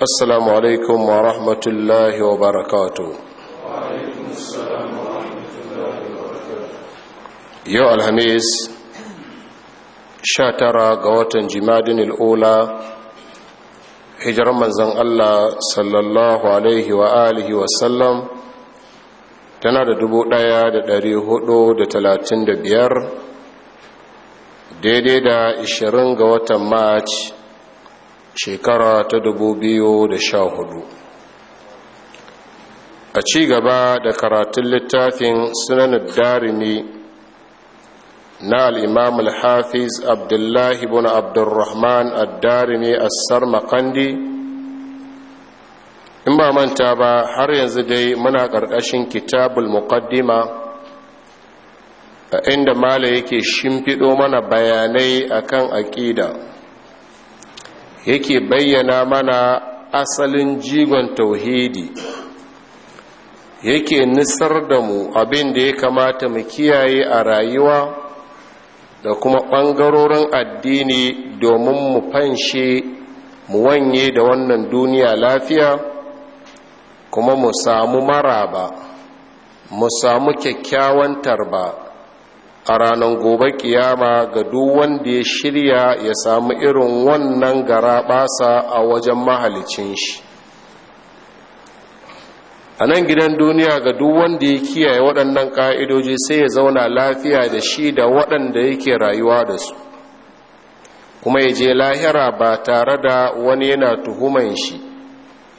assalamu alaikum wa rahmatullahi wa barakatu yau alhamis sha tara ga watan jimadin al'ula hijirar manzan Allah sallallahu alaihi wa alihi wasallam tana da da talatin biyar daidai da 20 ga watan march shekara ta dubu biyu da sha hudu. a ci gaba da karatun littafin sunanar darimi na al'imam al-hafiz abdullahi bin abdurrahman a darimi assar makandi in ba manta ba har yanzu dai muna ƙarƙashin kitabul muqaddima a inda mala yake shimfiɗo mana bayanai akan aƙida yake bayyana mana asalin jigon tauhidi yake nisar da mu abin da ya kamata mu kiyaye a rayuwa da kuma ɓangarorin addini domin mu fanshe mu wanye da wannan duniya lafiya kuma mu samu maraba mu samu kyakkyawan tarba a ranar gobe ƙiyama, ga duk wanda ya shirya ya samu irin wannan gara basa a wajen mahalicin shi a nan gidan duniya ga duk wanda ya kiyaye waɗannan ƙa'idoji sai ya zauna lafiya da shi da waɗanda yake rayuwa da su kuma ya je lahira ba tare da wani yana tuhuman shi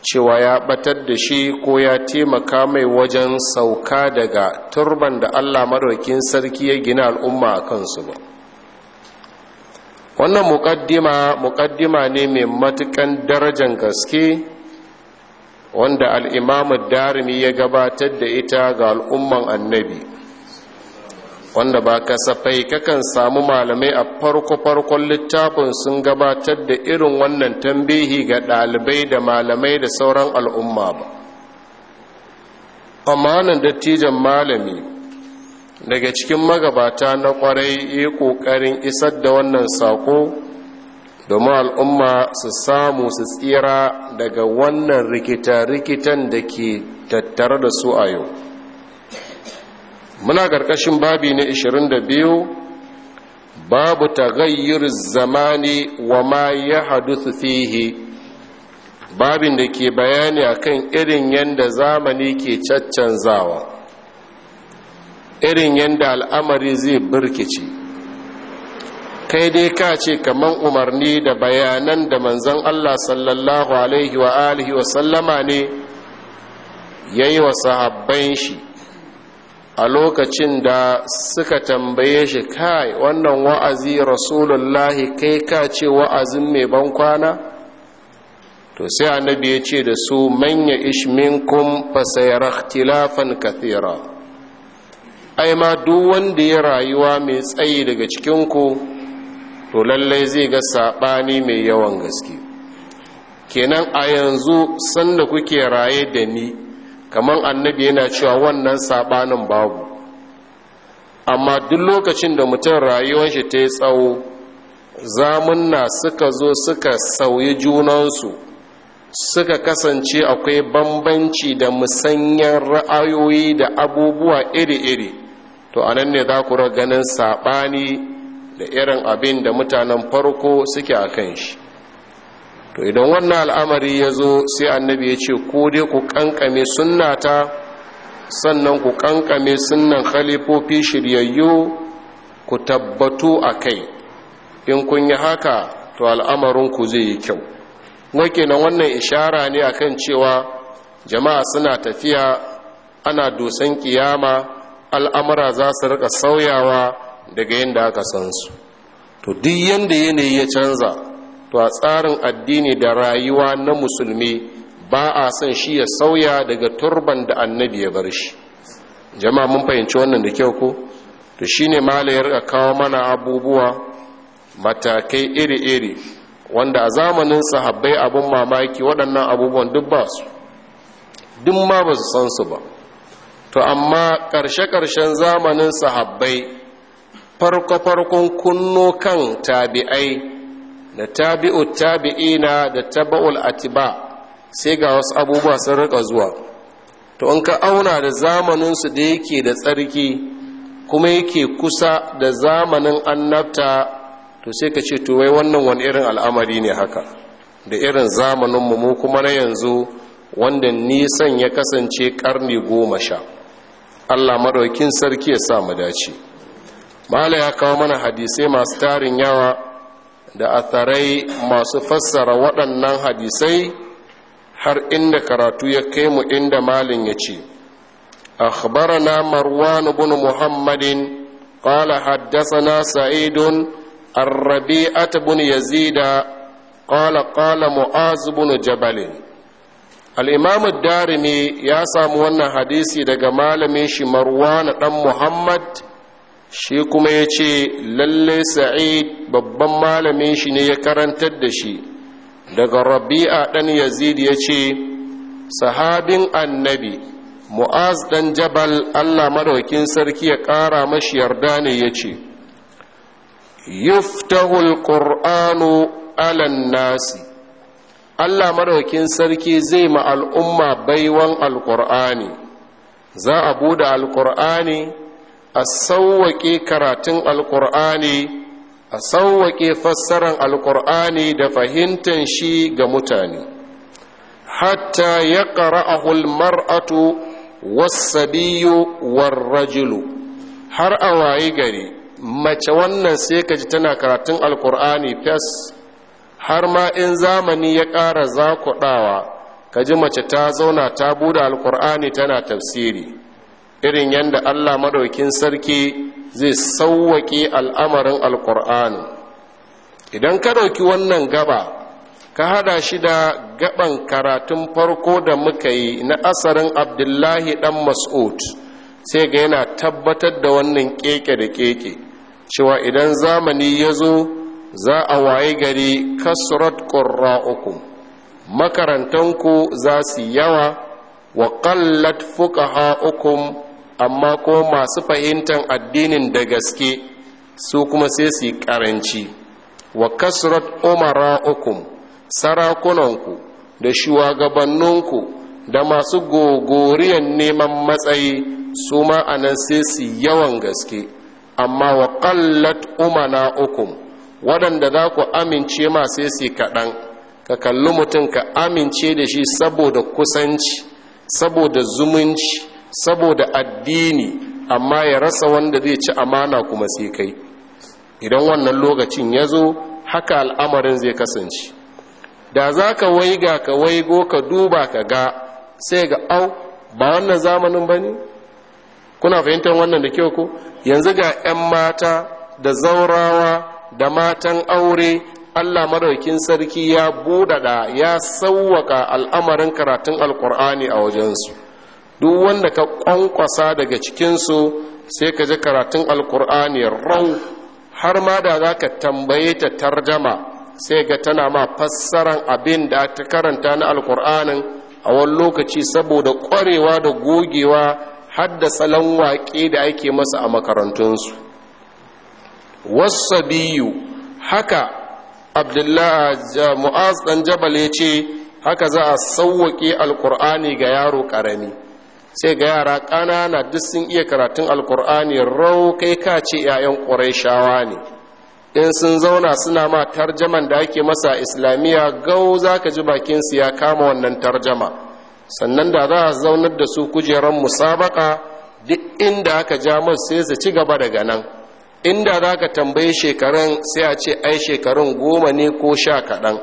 cewa ya batar da shi ko ya taimaka mai wajen sauka daga turban da allah maraukin sarki ya gina al'umma a kansu ba wannan muƙaddima muƙaddima ne mai matukan darajan gaske wanda al'imamu darimi ya gabatar da ita ga al'umman annabi wanda ba kasafai kakan samu malamai a farko-farkon littafin sun gabatar da irin wannan tambihi ga ɗalibai da malamai da sauran al'umma ba amanan dattijan malami daga cikin magabata na kwarai yi ƙoƙarin isar da wannan sako domin al'umma su samu su tsira daga wannan rikita-rikitan da ke tattare da su a yau muna ƙarƙashin babi na 22 babu ta gayyar zamani wa ma ya su fihi babin da ke bayani akan irin yadda zamani ke caccanzawa irin yadda al'amari zai birkici kai dai ka ce kaman umarni da bayanan da manzon Allah sallallahu alaihi wa alihi wa sallama ne yayi wa sahabban shi a lokacin da suka tambaye shi kai wannan wa'azi rasulullahi kai ka ce wa'azin mai ban kwana to sai annabi ya ce da su manya ishminkum fasayar ikhtilafan kathira ai ma duk wanda ya rayuwa mai tsayi daga cikinku to lallai zai ga saɓani mai yawan gaske kenan a yanzu sanda kuke raye da ni kamar annabi yana cewa wannan sabanin babu amma duk lokacin da mutum rayuwar shi ta yi tsawo zamunna suka zo suka sauyi junansu suka kasance akwai bambanci da musanyen ra'ayoyi da abubuwa iri-iri to anan ne za ku ganin saɓani da irin abin da mutanen farko suke a kan shi to idan wannan al'amari ya zo sai annabi ya ce ko dai ku kankame sunnata sannan ku kankame sunnan khalifofi shiryayyu ku tabbatu a kai in kun yi haka to al'amarin ku zai yi kyau na wannan ishara ne akan cewa jama'a suna tafiya ana dusan kiyama al'amura za su rika sauyawa daga yadda aka san su to duk yadda yanayi ya canza to a tsarin addini da rayuwa na musulmi ba a son shi ya sauya daga turban da annabi ya bar shi jama'a mun fahimci wannan da kyau ko to shine malayar a kawo mana abubuwa matakai iri-iri wanda a zamanin sahabbai abun mamaki waɗannan abubuwan duk ba su duk ma ba su san su ba to amma ƙarshe-ƙarshen zamanin sahabbai farko-farkon kunno kan tabi'ai da tabi'u tabi'ina da taba'ul atiba sai ga wasu abubuwa sun rika zuwa to in ka auna da zamaninsu da yake da tsarki kuma yake kusa da zamanin annabta to sai ka ce to wai wannan wani irin al'amari ne haka da irin zamanin mu kuma na yanzu wanda nisan ya kasance karni goma sha allah maɗaukin sarki ya sa mu dace mala ya kawo mana hadisai masu tarin yawa da atharai masu fassara waɗannan hadisai har inda karatu ya kai mu inda malin ya ce akhbarana marwan ibn muhammadin qala haddathana sa'idun ar-rabi'at ibn yazid qala qala mu'az ibn jabal al-imam ad-darimi ya samu wannan hadisi daga malamin shi marwan dan muhammad shi kuma ya ce lalle sa'id babban malamin shi ne ya karantar da shi daga rabi'a ɗan yazid ya ce sahabin annabi mu'az ɗan jabal allah madaukin sarki ya ƙara mashi yarda ne ya ce yuftahul ƙur'anu alan nasi allah madaukin sarki zai ma al'umma baiwan alƙur'ani za a buɗe alƙur'ani a sauwaƙe karatun alƙur'ani a sauwaƙe fassarar alƙur'ani da fahimtar shi ga mutane hatta ya ƙara ƙara'ahul mar'atu wasabiyu warrajilu har a wayi gari mace wannan sai ka ji tana karatun alƙur'ani fes har ma in zamani ya ƙara zakuɗawa ka ji mace ta zauna ta buɗe alƙur'ani tana tafsiri irin yadda allah maɗaukin sarki zai sauwaƙe al'amarin alƙur'ani idan ka ɗauki wannan gaba ka hada shi da gaban karatun farko da muka yi na asarin abdullahi ɗan mas'ud sai ga yana tabbatar da wannan keke da keke cewa idan zamani ya zo za a waye gari kasrat uku makarantanku za su yawa wa ƙallat fuka ha'ukum amma ko masu fahimtar addinin da gaske su kuma sai su yi karanci wa kasrat umara ukum sarakunanku da shugabanninku da masu gogoriyan neman matsayi su ma a sai su yawan gaske amma wa kallat umana ukum waɗanda za ku amince ma sai su kaɗan ka kalli mutum ka amince da shi saboda kusanci saboda zumunci saboda addini amma ya rasa wanda zai ci amana kuma sai kai idan wannan lokacin ya zo haka al'amarin zai kasance da za ka waiga ka waigo ka duba ka ga sai ga au ba wannan zamanin ba ne kuna fahimtar wannan da kyau ko yanzu ga 'yan mata da zaurawa da matan aure allah maraukin sarki ya buɗaɗa ya sauwaka al'amarin karatun alkur'ani a wajensu duk wanda ka kwankwasa daga cikinsu sai ka ji karatun alkur'ani rau har ma da za ka tambaye ta tarjama sai ga tana ma fassaran abin da ta karanta na alkur'anin a wani lokaci saboda kwarewa da gogewa hadda salon waƙe da ake masa a makarantunsu wasu biyu haka abdullahi mu'az dan jabal ya ce haka za a sauwaƙe alkur'ani ga yaro ƙarami sai ga yara ƙanana duk sun iya karatun alkur'ani rau kai ka ce 'ya'yan ƙurayshawa ne in sun zauna suna ma tarjaman da ake masa islamiyya gau za ka ji bakinsu ya kama wannan tarjama sannan da za a zaunar da su kujeran musabaka duk inda aka ja masu sai su ci gaba daga nan inda za ka tambayi shekarun sai a ce ai shekarun goma ne ko sha kaɗan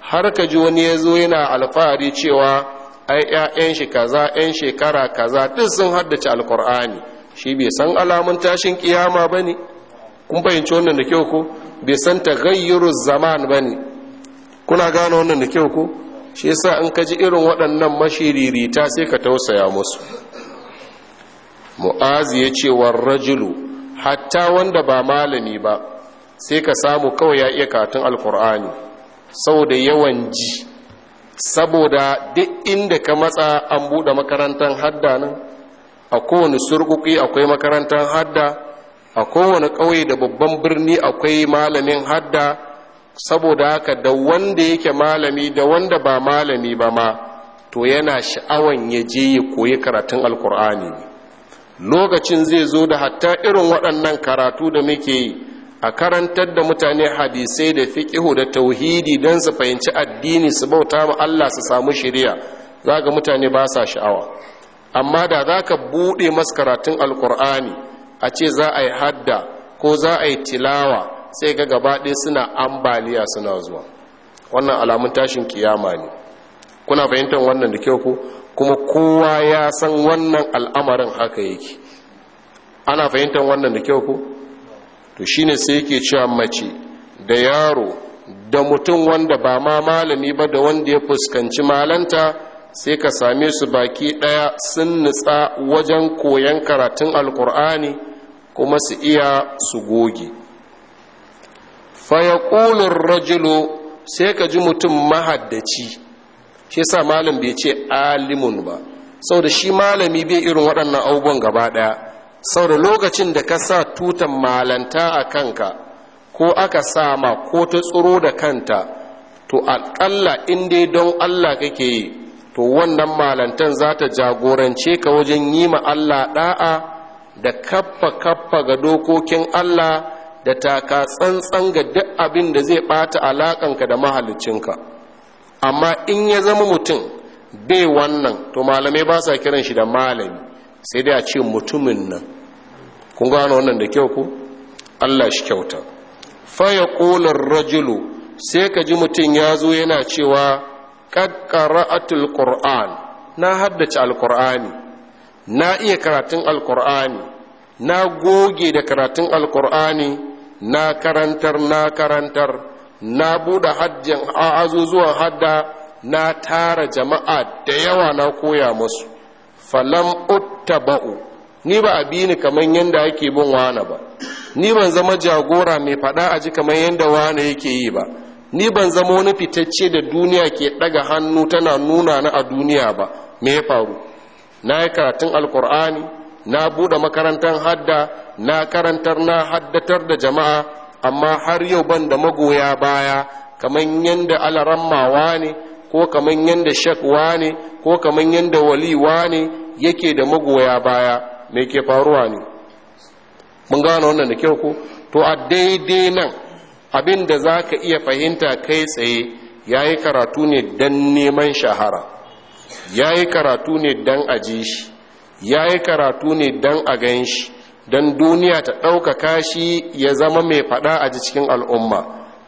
har ka ji wani ya zo yana alfahari cewa ai ƴaƴan shi kaza ƴan shekara kaza duk sun haddace alkur'ani shi bai san alamun tashin kiyama bane kun fahimci wannan da kyau ko bai san taghayyuru zaman bane kuna gane wannan da kyau ko shi yasa in ka ji irin waɗannan mashiririta sai ka tausaya musu mu'azi ya ce rajulu hatta wanda ba malami ba sai ka samu kawai ya iya katun alkur'ani saboda yawan ji saboda duk inda ka matsa an buɗe makarantar hadda nan a kowane surkuki akwai makarantar hadda a kowane ƙauye da babban birni akwai malamin hadda saboda haka da wanda yake malami da wanda ba malami ba ma to yana sha'awan ya je ya koyi karatun alkur'ani lokacin zai zo da hatta irin waɗannan karatu da muke yi a karantar da mutane hadisai da fiƙihu da tauhidi don su fahimci addini su bauta ma Allah su samu shiriya za ga mutane ba sa sha'awa amma da za ka buɗe masu karatun alkur'ani a ce za a yi hadda ko za a yi tilawa sai ga gabaɗe suna ambaliya suna zuwa wannan alamun tashin kiyama ne kuna fahimtar wannan da kyau ko kuma kowa ya san wannan al'amarin haka yake ana fahimtar wannan da kyau ko to shi ne sai yake cewa mace da yaro da mutum wanda ba ma malami ba da wanda ya fuskanci malanta sai ka same su baki ɗaya sun nutsa wajen koyan karatun alkur'ani kuma su iya su goge fayakulun rajulu sai ka ji mutum mahaddaci shi sa malam bai ce alimun ba sau da shi malami bai irin waɗannan abubuwan gaba ɗaya sau da lokacin da ka sa tutan malanta a kanka ko aka sa ma ko ta tsoro da kanta to aƙalla in dai don allah kake yi to wannan malantan za ta jagorance ka wajen yi ma allah ɗa'a da kaffa kaffa ga dokokin allah da taka tsantsan ga duk abin da zai ɓata alaƙanka da mahalicinka amma in ya zama mutum bai wannan to malamai ba sa kiran shi da malami sai dai a ce mutumin nan kun gano wannan da kyau ku Allah shi kyauta faya ƙolar rajulu sai ka ji mutum ya zo yana cewa ƙaƙƙara'atul quran na haddace alƙur'ani na iya karatun alƙur'ani na goge da karatun alƙur'ani na karantar na karantar na buɗe hajjin azuzuwan hadda na tara jama'a da yawa na koya musu falam uttaba'u ni ba a bi ni kamar yadda ake bin wana ba ni ban zama jagora mai faɗa a ji kamar yadda wana yake yi ba ni ban zama wani fitacce da duniya ke ɗaga hannu tana nuna na a duniya ba me ya faru na yi karatun alkur'ani na buɗe makarantar hadda na karantar na haddatar da jama'a amma har yau ban da magoya baya kamar yadda alarammawa ne ko kamar yanda shak ne ko kamar wali waliwa ne yake da magoya baya mai ke faruwa ne mun gano wannan da kyau ko to a daidai nan abin da za ka iya fahimta kai tsaye ya yi karatu ne don neman shahara ya yi karatu ne don aji shi ya yi karatu ne don a gan shi don duniya ta ɗaukaka shi ya zama mai faɗa a cikin al'umma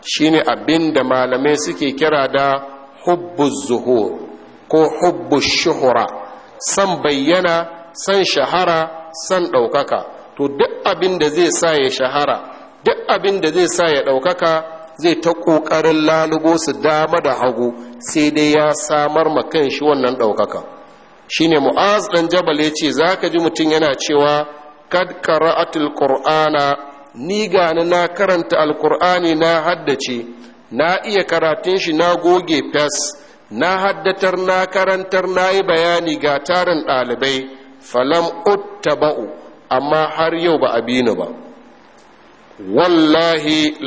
shine abin da malamai suke kira da hubbu zuhur ko hubbu shuhura san bayyana san shahara san ɗaukaka to duk abin da zai sa ya shahara duk abin da zai sa ya ɗaukaka zai ta ƙoƙarin lalugo su dama da hagu sai dai ya samar ma kan shi wannan ɗaukaka shine mu'az ɗan jabal ya ce za ka ji mutum yana cewa kad qara'atul qur'ana ni gani na karanta alqur'ani na haddace na iya karatun shi na goge fes na haddatar na karantar na yi bayani ga tarin ɗalibai falam ba'u. amma har yau ba abinu ba wallahi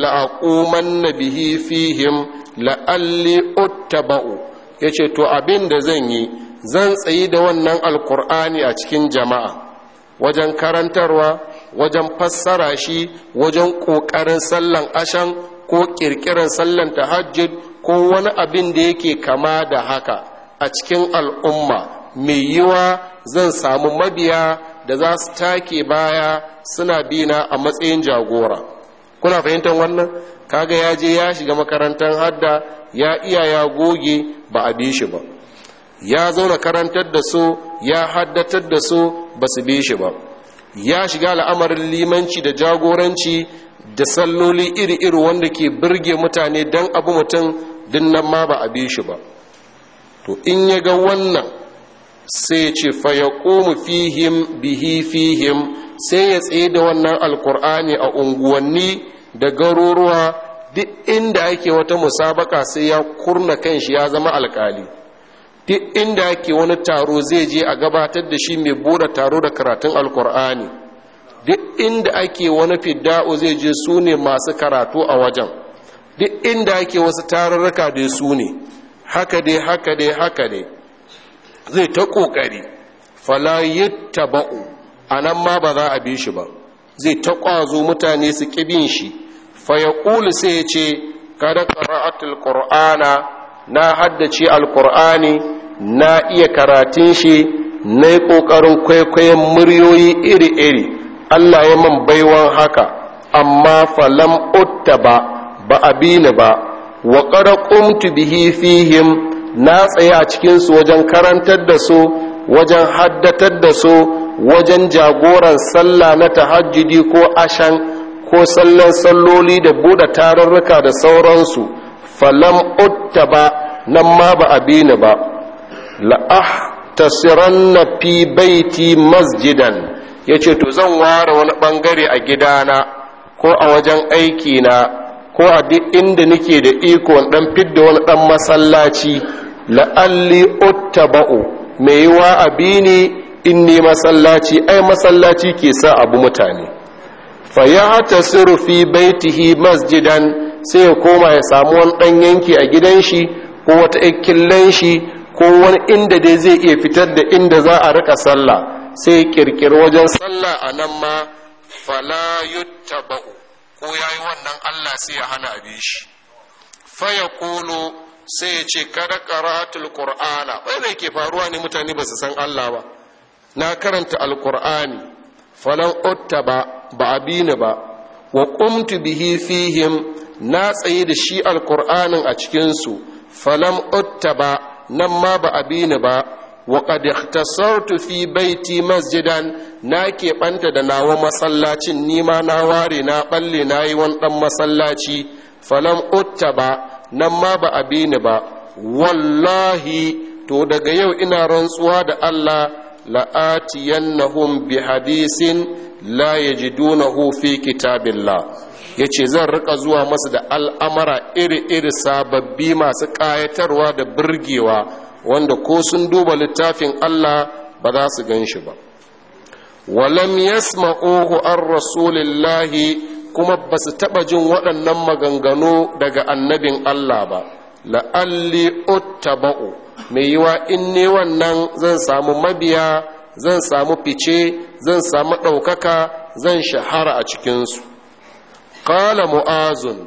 na bihi fihim la'alli Ya ce to abin da zan yi zan tsayi da wannan alkur'ani a cikin jama'a wajen karantarwa wajen fassara shi wajen ƙoƙarin sallan ashan ko ƙirƙirar sallan tahajjud ko wani abin da yake kama da haka a cikin al'umma mai yiwa zan samu mabiya da za su take baya suna bina a matsayin jagora kuna fahimtar wannan kaga ya je ya shiga makarantar hadda ya iya ya goge ba a bi shi ba ya zauna karantar da su ya haddatar da su ba su bi shi ba ya shiga al'amarin limanci da jagoranci da salloli iri-iri wanda ke birge mutane don abu mutum dinnan ma ba a bi shi ba to in ya ga wannan sai ce fa ya fihim bihi fihim sai ya tsaye da wannan alkur'ani a unguwanni da garuruwa duk inda ake wata musabaka sai ya kurna kanshi ya zama alkali duk inda ake wani taro zai je a gabatar da shi mai bude taro da karatun alkur'ani duk inda ake wani fidda'u zai je su ne masu karatu a wajen duk inda ake wasu tarurruka da su ne haka dai haka dai haka dai zai ta ƙoƙari falayit ba'u a nan ma ba za a bi shi ba zai ta ƙwazo mutane su ƙibin shi fayaƙulu sai ya ce kada ƙara'atul ƙur'ana na haddace alƙur'ani na iya karatun shi na yi ƙoƙarin kwaikwayon muryoyi iri-iri Allah ya man baiwan haka amma falam uttaba ba ba abini ba wa qad bihi fihim na tsaya a cikin su wajen karantar da su wajen haddatar da su wajen jagoran sallah na tahajjudi ko ashan ko sallan salloli da buɗe tarurruka da sauransu falam uttaba ba nan ma ba abini ba la'ah tasiranna fi baiti masjidan ya ce to zan ware wani bangare a gidana ko a wajen aikina ko a duk inda nake da iko ɗan fidda wani dan masallaci la'alli uttaba'u mai yiwa abi ne in ne masallaci ai masallaci ke sa abu mutane fa ya ta fi baitihi masjidan sai ya koma ya samu wani dan yanki a gidan shi ko wata ikillan shi ko wani inda dai zai iya fitar da inda za a rika sallah sai kirkir wajen sallah a nan ma fala yuttaba'u ko yayi wannan Allah sai ya hana bi shi Faya Kulu sai ya ce kada qira'atul qur'ana bai zai ke faruwa ne mutane ba su san Allah ba na karanta alqur'ani falan uttaba ba a ni ba wa qumtu bihi fihim na tsaye da shi alqur'anin a cikin su falam uttaba nan ma ba ni ba wa qad ikhtasartu fi baiti masjidan na keɓanta da nawa masallacin nima na ware na balle na yi wani ɗan masallaci falam utta ba nan ma ba a bi ni ba wallahi to daga yau ina rantsuwa da Allah la'atiyannahum bi hadisin la yajidunahu fi kitabillah ya ce zan rika zuwa masu da al'amara iri-iri sababbi masu ƙayatarwa da birgewa wanda ko sun duba littafin Allah ba za su gan shi ba walam yasma'u an rasulillahi kuma ba su taɓa jin waɗannan maganganu daga annabin Allah ba la'alli uttaba'u mai yiwa in ne wannan zan samu mabiya zan samu fice zan samu ɗaukaka zan shahara a cikinsu ƙala mu'azun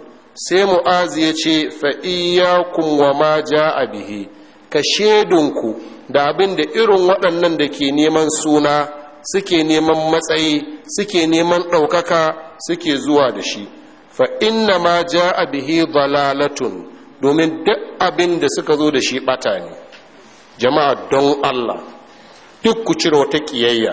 sai mu'azu ya ce fa'iyakum wa ma ja'a bihi ka shedunku da abin da irin waɗannan da ke neman suna suke neman matsayi suke neman ɗaukaka suke zuwa da shi fa inna ma ja a bihi dalalatun domin duk abin da suka zo da shi ɓata ne jama'a don allah duk ku cire wata ƙiyayya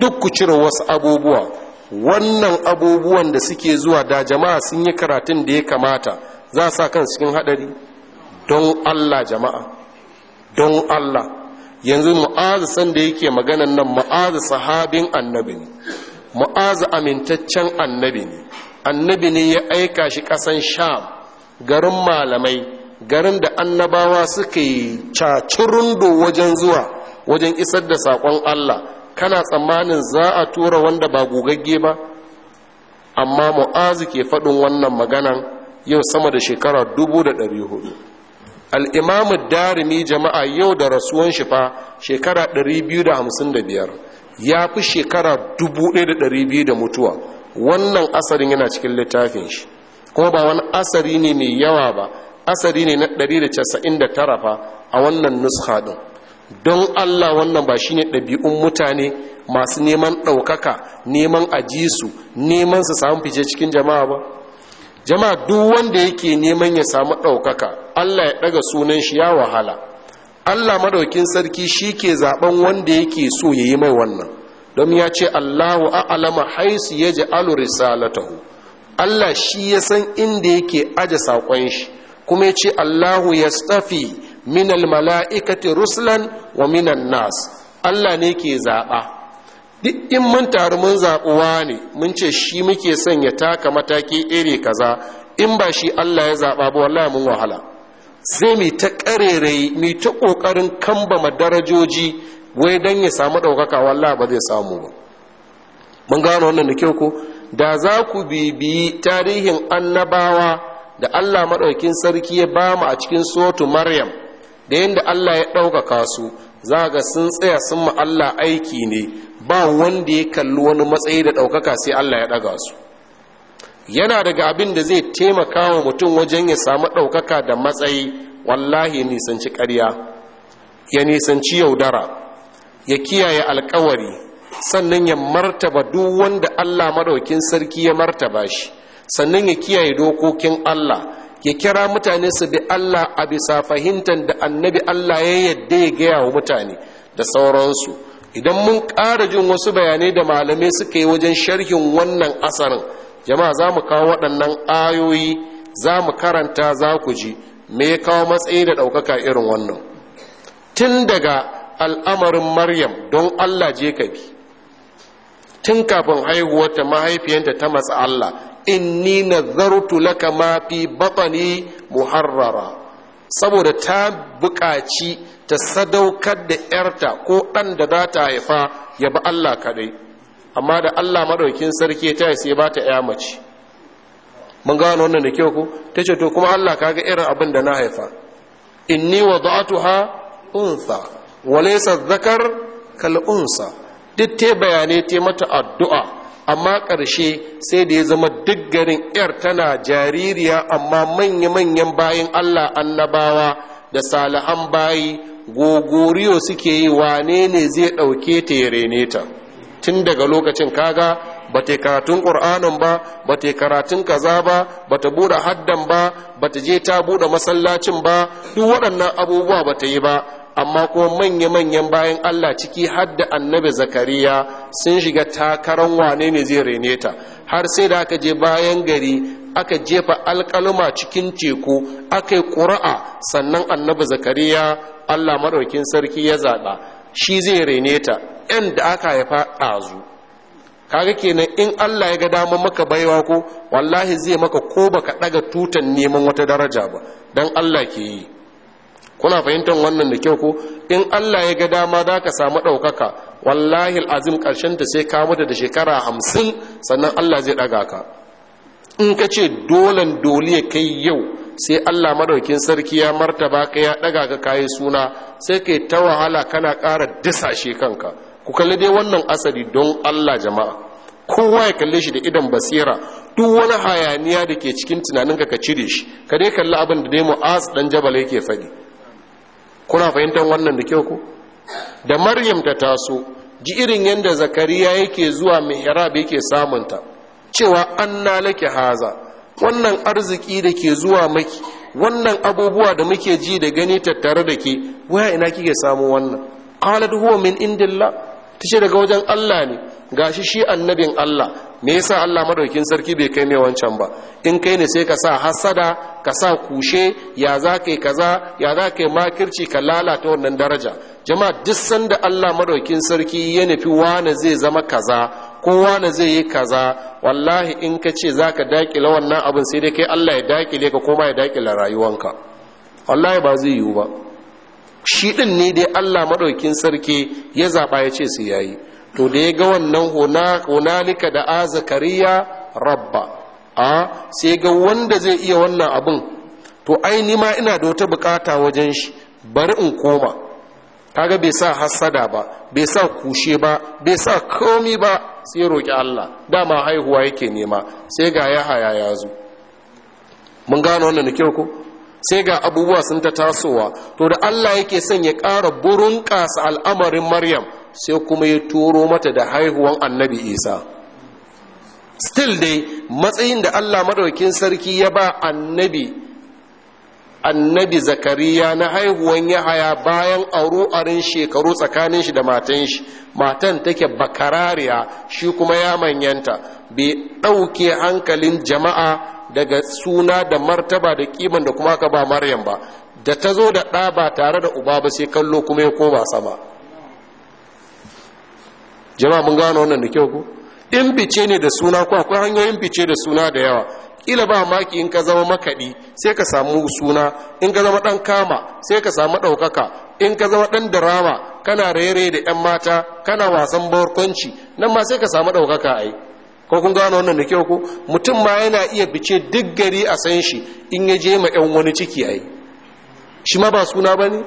duk ku cire wasu abubuwa wannan abubuwan da suke zuwa da jama'a sun yi karatun da ya kamata za sa kan cikin haɗari don allah jama'a don Allah yanzu mu'azu sanda yake maganan nan mu'azu sahabin annabi ne mu'azu amintaccen annabi ne annabi ne ya aika shi ƙasan sha garin malamai garin da annabawa suka yi cacurundo wajen zuwa wajen isar da saƙon Allah kana tsammanin za a tura wanda ba gugagge ba amma mu'azu ke faɗin wannan maganan yau sama da shekara dubu da ɗari hudu al'imamu darimi jama'a yau da rasuwan shi fa shekara 255 ya fi shekara 1200 da mutuwa wannan asarin yana cikin littafin shi kuma ba wani asari ne mai yawa ba asari ne na 199 fa a wannan nuska ɗin don allah wannan ba shine ɗabi'un mutane masu neman ɗaukaka neman ajisu neman su samu fice cikin jama'a ba jama'a duk wanda yake neman ya samu ɗaukaka allah ya ɗaga sunan shi ya wahala allah madaukin sarki shi ke zaɓen wanda yake so ya yi mai wannan don ya ce allahu a'alama haisu ya ji alu risalatahu allah shi ya san inda yake aje saƙon shi kuma ya ce allahu ya stafi minal mala'ikati ruslan wa minan nas allah ne ke zaɓa duk in mun taru mun zaɓuwa ne mun ce shi muke son ya taka mataki iri kaza in ba shi Allah ya zaɓa ba wallahi mun wahala sai mu ta ƙarerai mi ta ƙoƙarin kambama darajoji wai don ya samu ɗaukaka wallahi ba zai samu ba mun gano wannan da kyau ko da za ku bibiyi tarihin annabawa da Allah maɗaukin sarki ya ba mu a cikin sotu maryam da yadda Allah ya ɗaukaka su za ga sun tsaya sun ma Allah aiki ne ba wanda ya kalli wani matsayi da ɗaukaka sai Allah ya ɗaga su yana daga abin da zai taimaka wa mutum wajen ya samu ɗaukaka da matsayi wallahi ya nisanci ƙarya ya nisanci yaudara ya kiyaye alkawari sannan ya martaba duk wanda Allah maɗaukin sarki ya martaba shi sannan ya kiyaye dokokin Allah ya kira mutane su bi Allah a bisa fahimtar da annabi Allah ya yadda ya gaya wa mutane da sauransu idan mun ƙara jin wasu bayanai da malamai suka yi wajen sharhin wannan asarin jama'a za mu kawo waɗannan ayoyi za mu karanta za ku ji me ya kawo matsayi da ɗaukaka irin wannan tun daga al'amarin maryam don allah je ka bi tun kafin haihuwarta mahaifiyanta ta matsa allah inni zartu laka ma fi muharrara saboda ta buƙaci ta sadaukar da 'yarta ko ɗan da za ta haifa ya bi Allah kaɗai amma da Allah maɗaukin sarki ta sai ba ta 'ya mace mun gano wannan da kyau ko ta ce to kuma Allah kaga irin abin da na haifa inni wada'atuha unsa wa dhakar kal unsa duk te bayanai te mata addu'a amma ƙarshe sai da ya zama duk garin yar tana jaririya amma manya-manyan bayan allah annabawa da salihan bayi gogoriyo suke yi wane ne zai ɗauke ta ya rene ta tun daga lokacin kaga ba ta karatun ƙur'anin ba ba ta karatun kaza ba ba ta buɗe haddan ba ba ta je ta buɗe masallacin ba duk waɗannan abubuwa ba ta yi ba amma ko manya-manyan bayan Allah ciki hadda annabi zakariya sun shiga takarar wane ne zai rene ta har sai da aka je bayan gari aka jefa alkaluma cikin teku aka yi ƙura'a sannan annabi zakariya allah maɗaukin sarki ya zaɓa shi zai rene ta ‘yan da aka haifa ɗazu kaga kenan in allah ya ga dama maka baiwa ko wallahi zai maka ko baka ɗaga tutan neman wata daraja ba dan allah ke yi kuna fahimtar wannan da kyau ko in Allah ya ga dama za ka samu ɗaukaka wallahi azim ƙarshen ta sai ka mutu da shekara hamsin sannan Allah zai ɗaga ka in ka ce dolan ya kai yau sai Allah madaukin sarki ya martaba ka ya ɗaga ka kayi suna sai kai ta wahala kana ƙara dasashe kanka ku kalli dai wannan asali don Allah jama'a kowa ya kalle shi da idan basira duk wani hayaniya da ke cikin tunaninka ka cire shi ka dai kalli abin da dai mu'az dan jabal yake faɗi kuna fahimtar wannan da kyau ko da maryam ta taso ji irin yadda zakariya yake zuwa mihrab yake samunta cewa anna lake haza wannan arziki da ke zuwa maki wannan abubuwa da muke ji da gani tattare da ke waya ina kike samu wannan qalat huwa min indillah tace daga wajen Allah ne gashi shi annabin Allah me yasa Allah madaukin sarki bai kai mai wancan ba in kai ne sai ka sa hasada ka sa kushe ya za kai kaza ya za kai makirci ka lalata wannan daraja jama'a duk sanda Allah madaukin sarki ya nufi wani zai zama kaza ko wani zai yi kaza wallahi in ka ce zaka dakile wannan abin sai dai kai Allah ya dakile ka koma ya dakile rayuwanka wallahi ba zai yiwu ba shi din ne dai Allah madaukin sarki ya zaba ya ce su yayi to da ya ga wannan hunalika da a zakariya rabba a sai ga wanda zai iya wannan abin to ai nima ma ina da wata bukata wajen shi bari in koma kaga bai sa hassada ba bai sa kushe ba bai sa komi ba sai roƙi Allah dama haihuwa yake nema sai ga ya haya ya zo mun gano wannan da kyau ko sai ga abubuwa sun ta tasowa to da Allah yake son ya ƙara burin ƙasa al'amarin maryam sai kuma ya turo mata da haihuwan annabi isa still dai matsayin da Allah madaukin sarki ya ba annabi annabi zakariya na haihuwan ya haya bayan aru-arin shekaru tsakanin shi da matan shi matan take bakarariya shi kuma ya manyanta bai ɗauke hankalin jama'a daga suna da martaba da kiman da kuma ka ba maryam ba da ta zo da ɗa ba tare da uba ba sai kallo kuma ya koma sama jama'a mun gano wannan da kyau ku in fice ne da suna ko akwai hanyoyin fice da suna da yawa kila ba maki in ka zama makaɗi sai ka samu suna in ka zama ɗan kama sai ka samu ɗaukaka in ka zama ɗan drama kana rere da 'yan mata kana wasan barkwanci nan ma sai ka samu ɗaukaka ai ko kun gano wannan da kyau ko mutum ma yana iya bice duk gari a san shi in ya je ma yan wani ciki ai shi ma ba suna bane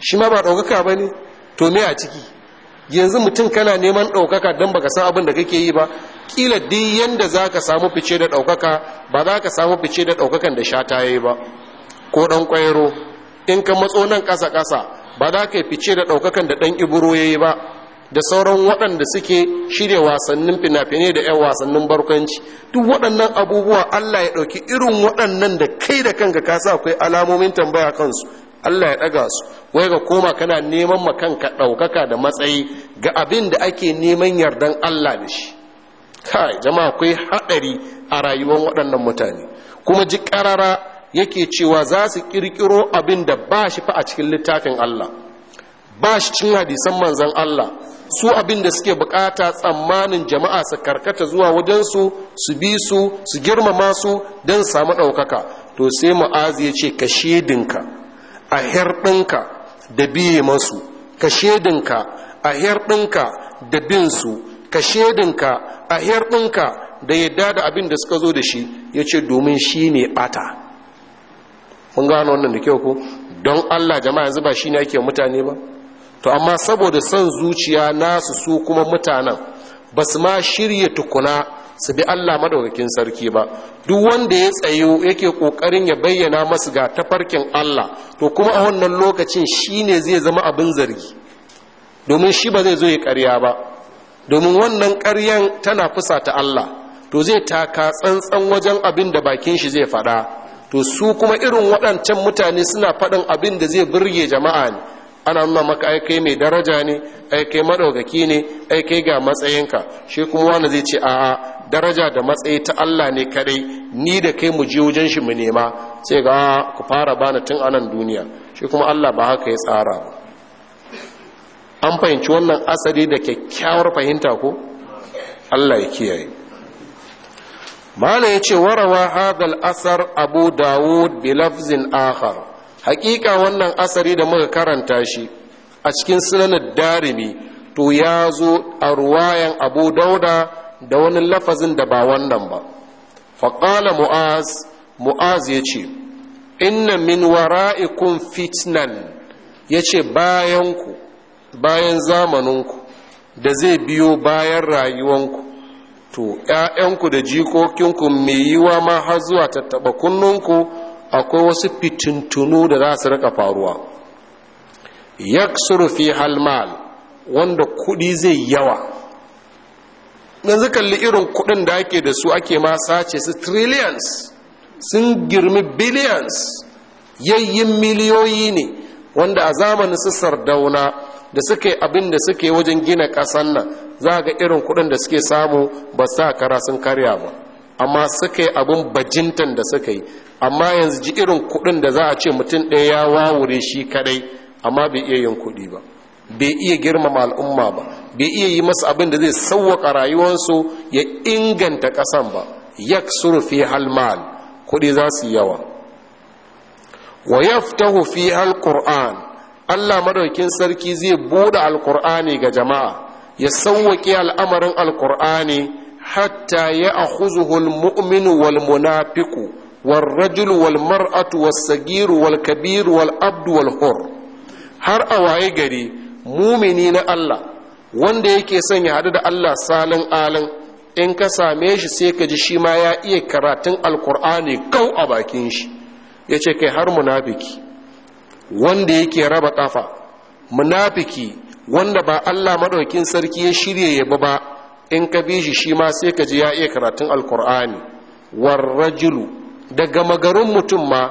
shi ma ba daukaka bane to me a ciki yanzu mutum kana neman daukaka dan baka san abin da kake yi ba kila duk yanda zaka samu fice da daukaka ba za ka samu fice da daukakan da sha ta yayi ba ko dan kwairo in ka matso nan kasa kasa ba za ka fice da ɗaukakan da dan iburo yayi ba da sauran waɗanda suke shirya wasannin fina-finai da 'yan wasannin barkwanci duk waɗannan abubuwa allah ya ɗauki irin waɗannan da kai da kanka ka sa akwai alamomin tambaya kansu allah ya ɗaga su wai ga koma kana neman ma kanka ɗaukaka da matsayi ga abin da ake neman yardan allah da shi kai jama'a akwai haɗari a rayuwar waɗannan mutane kuma ji ƙarara yake cewa za su ƙirƙiro abin da ba shi fa a cikin littafin allah ba shi cin hadisan manzan Allah su abin da suke bukata tsammanin jama'a su karkata zuwa wajensu su bi su su girmama su don samu ɗaukaka to sai ma'azi ya ce ka shedinka a herɗinka da biye masu ka shedinka a herɗinka da bin ka shedinka a herɗinka da yadda da abin da suka zo da shi ya ce domin shi ne ɓata mun gano wannan da kyau ko don allah jama'a yanzu ba shi ne ake mutane ba to amma saboda son zuciya nasu su kuma mutanen ba su ma shirya tukuna su bi Allah madaukakin sarki ba duk wanda ya tsayo yake kokarin ya bayyana masu ga tafarkin Allah to kuma a wannan lokacin shine zai zama abin zargi domin shi ba zai zo ya karya ba domin wannan ƙaryan tana fusata Allah to zai taka tsantsan wajen abin da bakin shi zai faɗa to su kuma irin waɗancan mutane suna faɗin abin da zai burge jama'a ne ana nuna maka ai mai daraja ne ai kai madaukaki ne ai kai ga matsayinka shi kuma wani zai ce a'a daraja da matsayi ta Allah ne kadai ni da kai mu je wajen shi mu nema sai ga ku fara bani tun anan duniya shi kuma Allah ba haka ya tsara ba an fahimci wannan asali da kyakkyawar fahimta ko Allah ya kiyaye mala yace warawa hadal asar abu dawud bi lafzin akhar hakika wannan asari da muka karanta shi a cikin sunanar darimi to ya zo a ruwayan abu dauda da wani lafazin da ba wannan ba faƙala mu'az mu'az ya ce inna min wara'ikun fitnan ya ce bayanku bayan zamaninku da zai biyo bayan rayuwanku to ‘ya'yanku da jikokinku mai yiwa ma har zuwa tattaɓa kunnunku akwai wasu fitintunu da za su rika faruwa yaksuru fi halmal wanda kuɗi zai yawa yanzu kalli irin kuɗin da ake da su ake ma sace su trillions sun girmi billions yayyin miliyoyi ne wanda a zamanin su sardauna da suke abin da suke wajen gina kasan nan za ga irin kuɗin da suke samu ba sa kara sun karya ba amma suke abin bajintan da suka yi amma yanzu ji irin kuɗin da za a ce mutum ɗaya ya wawure shi kadai amma bai iya yin kuɗi ba bai iya girmama al'umma ba bai iya yi masu abin da zai sauwaka rayuwarsu ya inganta ƙasan ba yak surfi halmal kuɗi za su yawa wa yaftahu fi alqur'an Allah madaukin sarki zai buɗe alqur'ani ga jama'a ya sauwake al'amarin alqur'ani hatta ya akhuzuhu almu'minu wal munafiqu والرجل والمرأة والصغير والكبير والعبد والحر har a waye gari mumini na Allah wanda yake son ya hadu da Allah salin alin in ka same shi sai kaji ji shi ma ya iya karatun alkur'ani kau a bakin shi ya ce kai har munafiki wanda yake raba kafa munafiki wanda ba Allah madaukin sarki ya shirya ya ba in ka bi shi shi sai kaji ya iya karatun alkur'ani warrajulu daga magarin mutum ma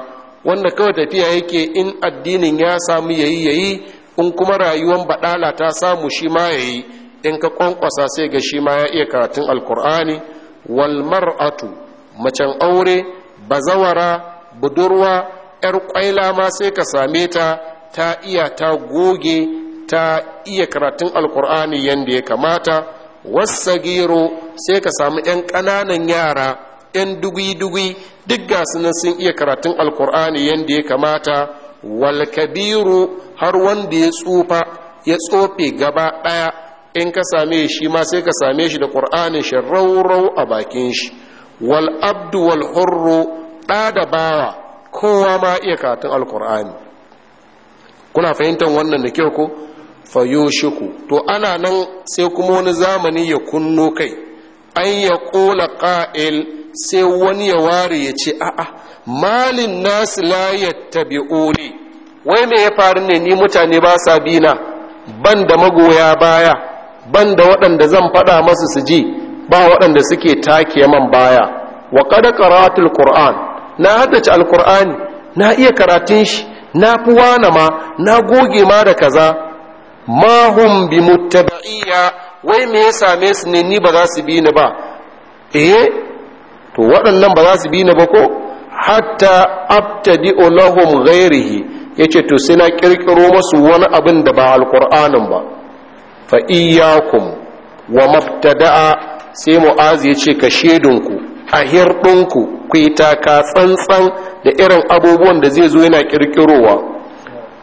wanda kawai tafiya yake in addinin ya samu yayi yayi in kuma rayuwar baɗala ta samu shi ma yayi in ka kwankwasa sai ga shi ma ya iya karatun alkur'ani wal mar'atu macen aure bazawara budurwa yar kwaila ma sai ka same ta ta iya ta goge ta iya karatun alkur'ani yadda ya kamata wasagiro sai ka samu 'yan ƙananan yara 'yan dugui-dugui duk gasu nan sun iya karatun alkur'ani yadda ya kamata wal kabiru har wanda ya tsufa ya tsofe gaba ɗaya in ka same shi ma sai ka same shi da ƙur'anin shi raurau a bakin shi wal abdu wal hurru ɗa da bawa kowa ma iya karatun alkur'ani kuna fahimtar wannan da kyau ko shiku to ana nan sai kuma wani zamani ya kunno kai an ya ƙola ƙa'il sai wani ya ware ya ce a'a malin nasu la ori wai me ya faru ne ni mutane ba sa bina ban da magoya baya ban da waɗanda zan faɗa masu su ji ba waɗanda suke take man baya wa kada karatul qur'an na haddace alqur'ani na iya karatun shi na fi wana ma na goge ma da kaza ma hum bi muttaba'iyya wai me ya same su ne ni ba za su bi ni ba eh to waɗannan ba za su bi ni ba ko hatta abtadi'u lahum ghairihi yace to sai na kirkiro musu wani abin da ba alqur'anin ba fa iyyakum wa mabtada'a sai mu'az yace ka shedunku a hirɗinku ku ta taka tsantsan da irin abubuwan da zai zo yana ƙirƙirowa.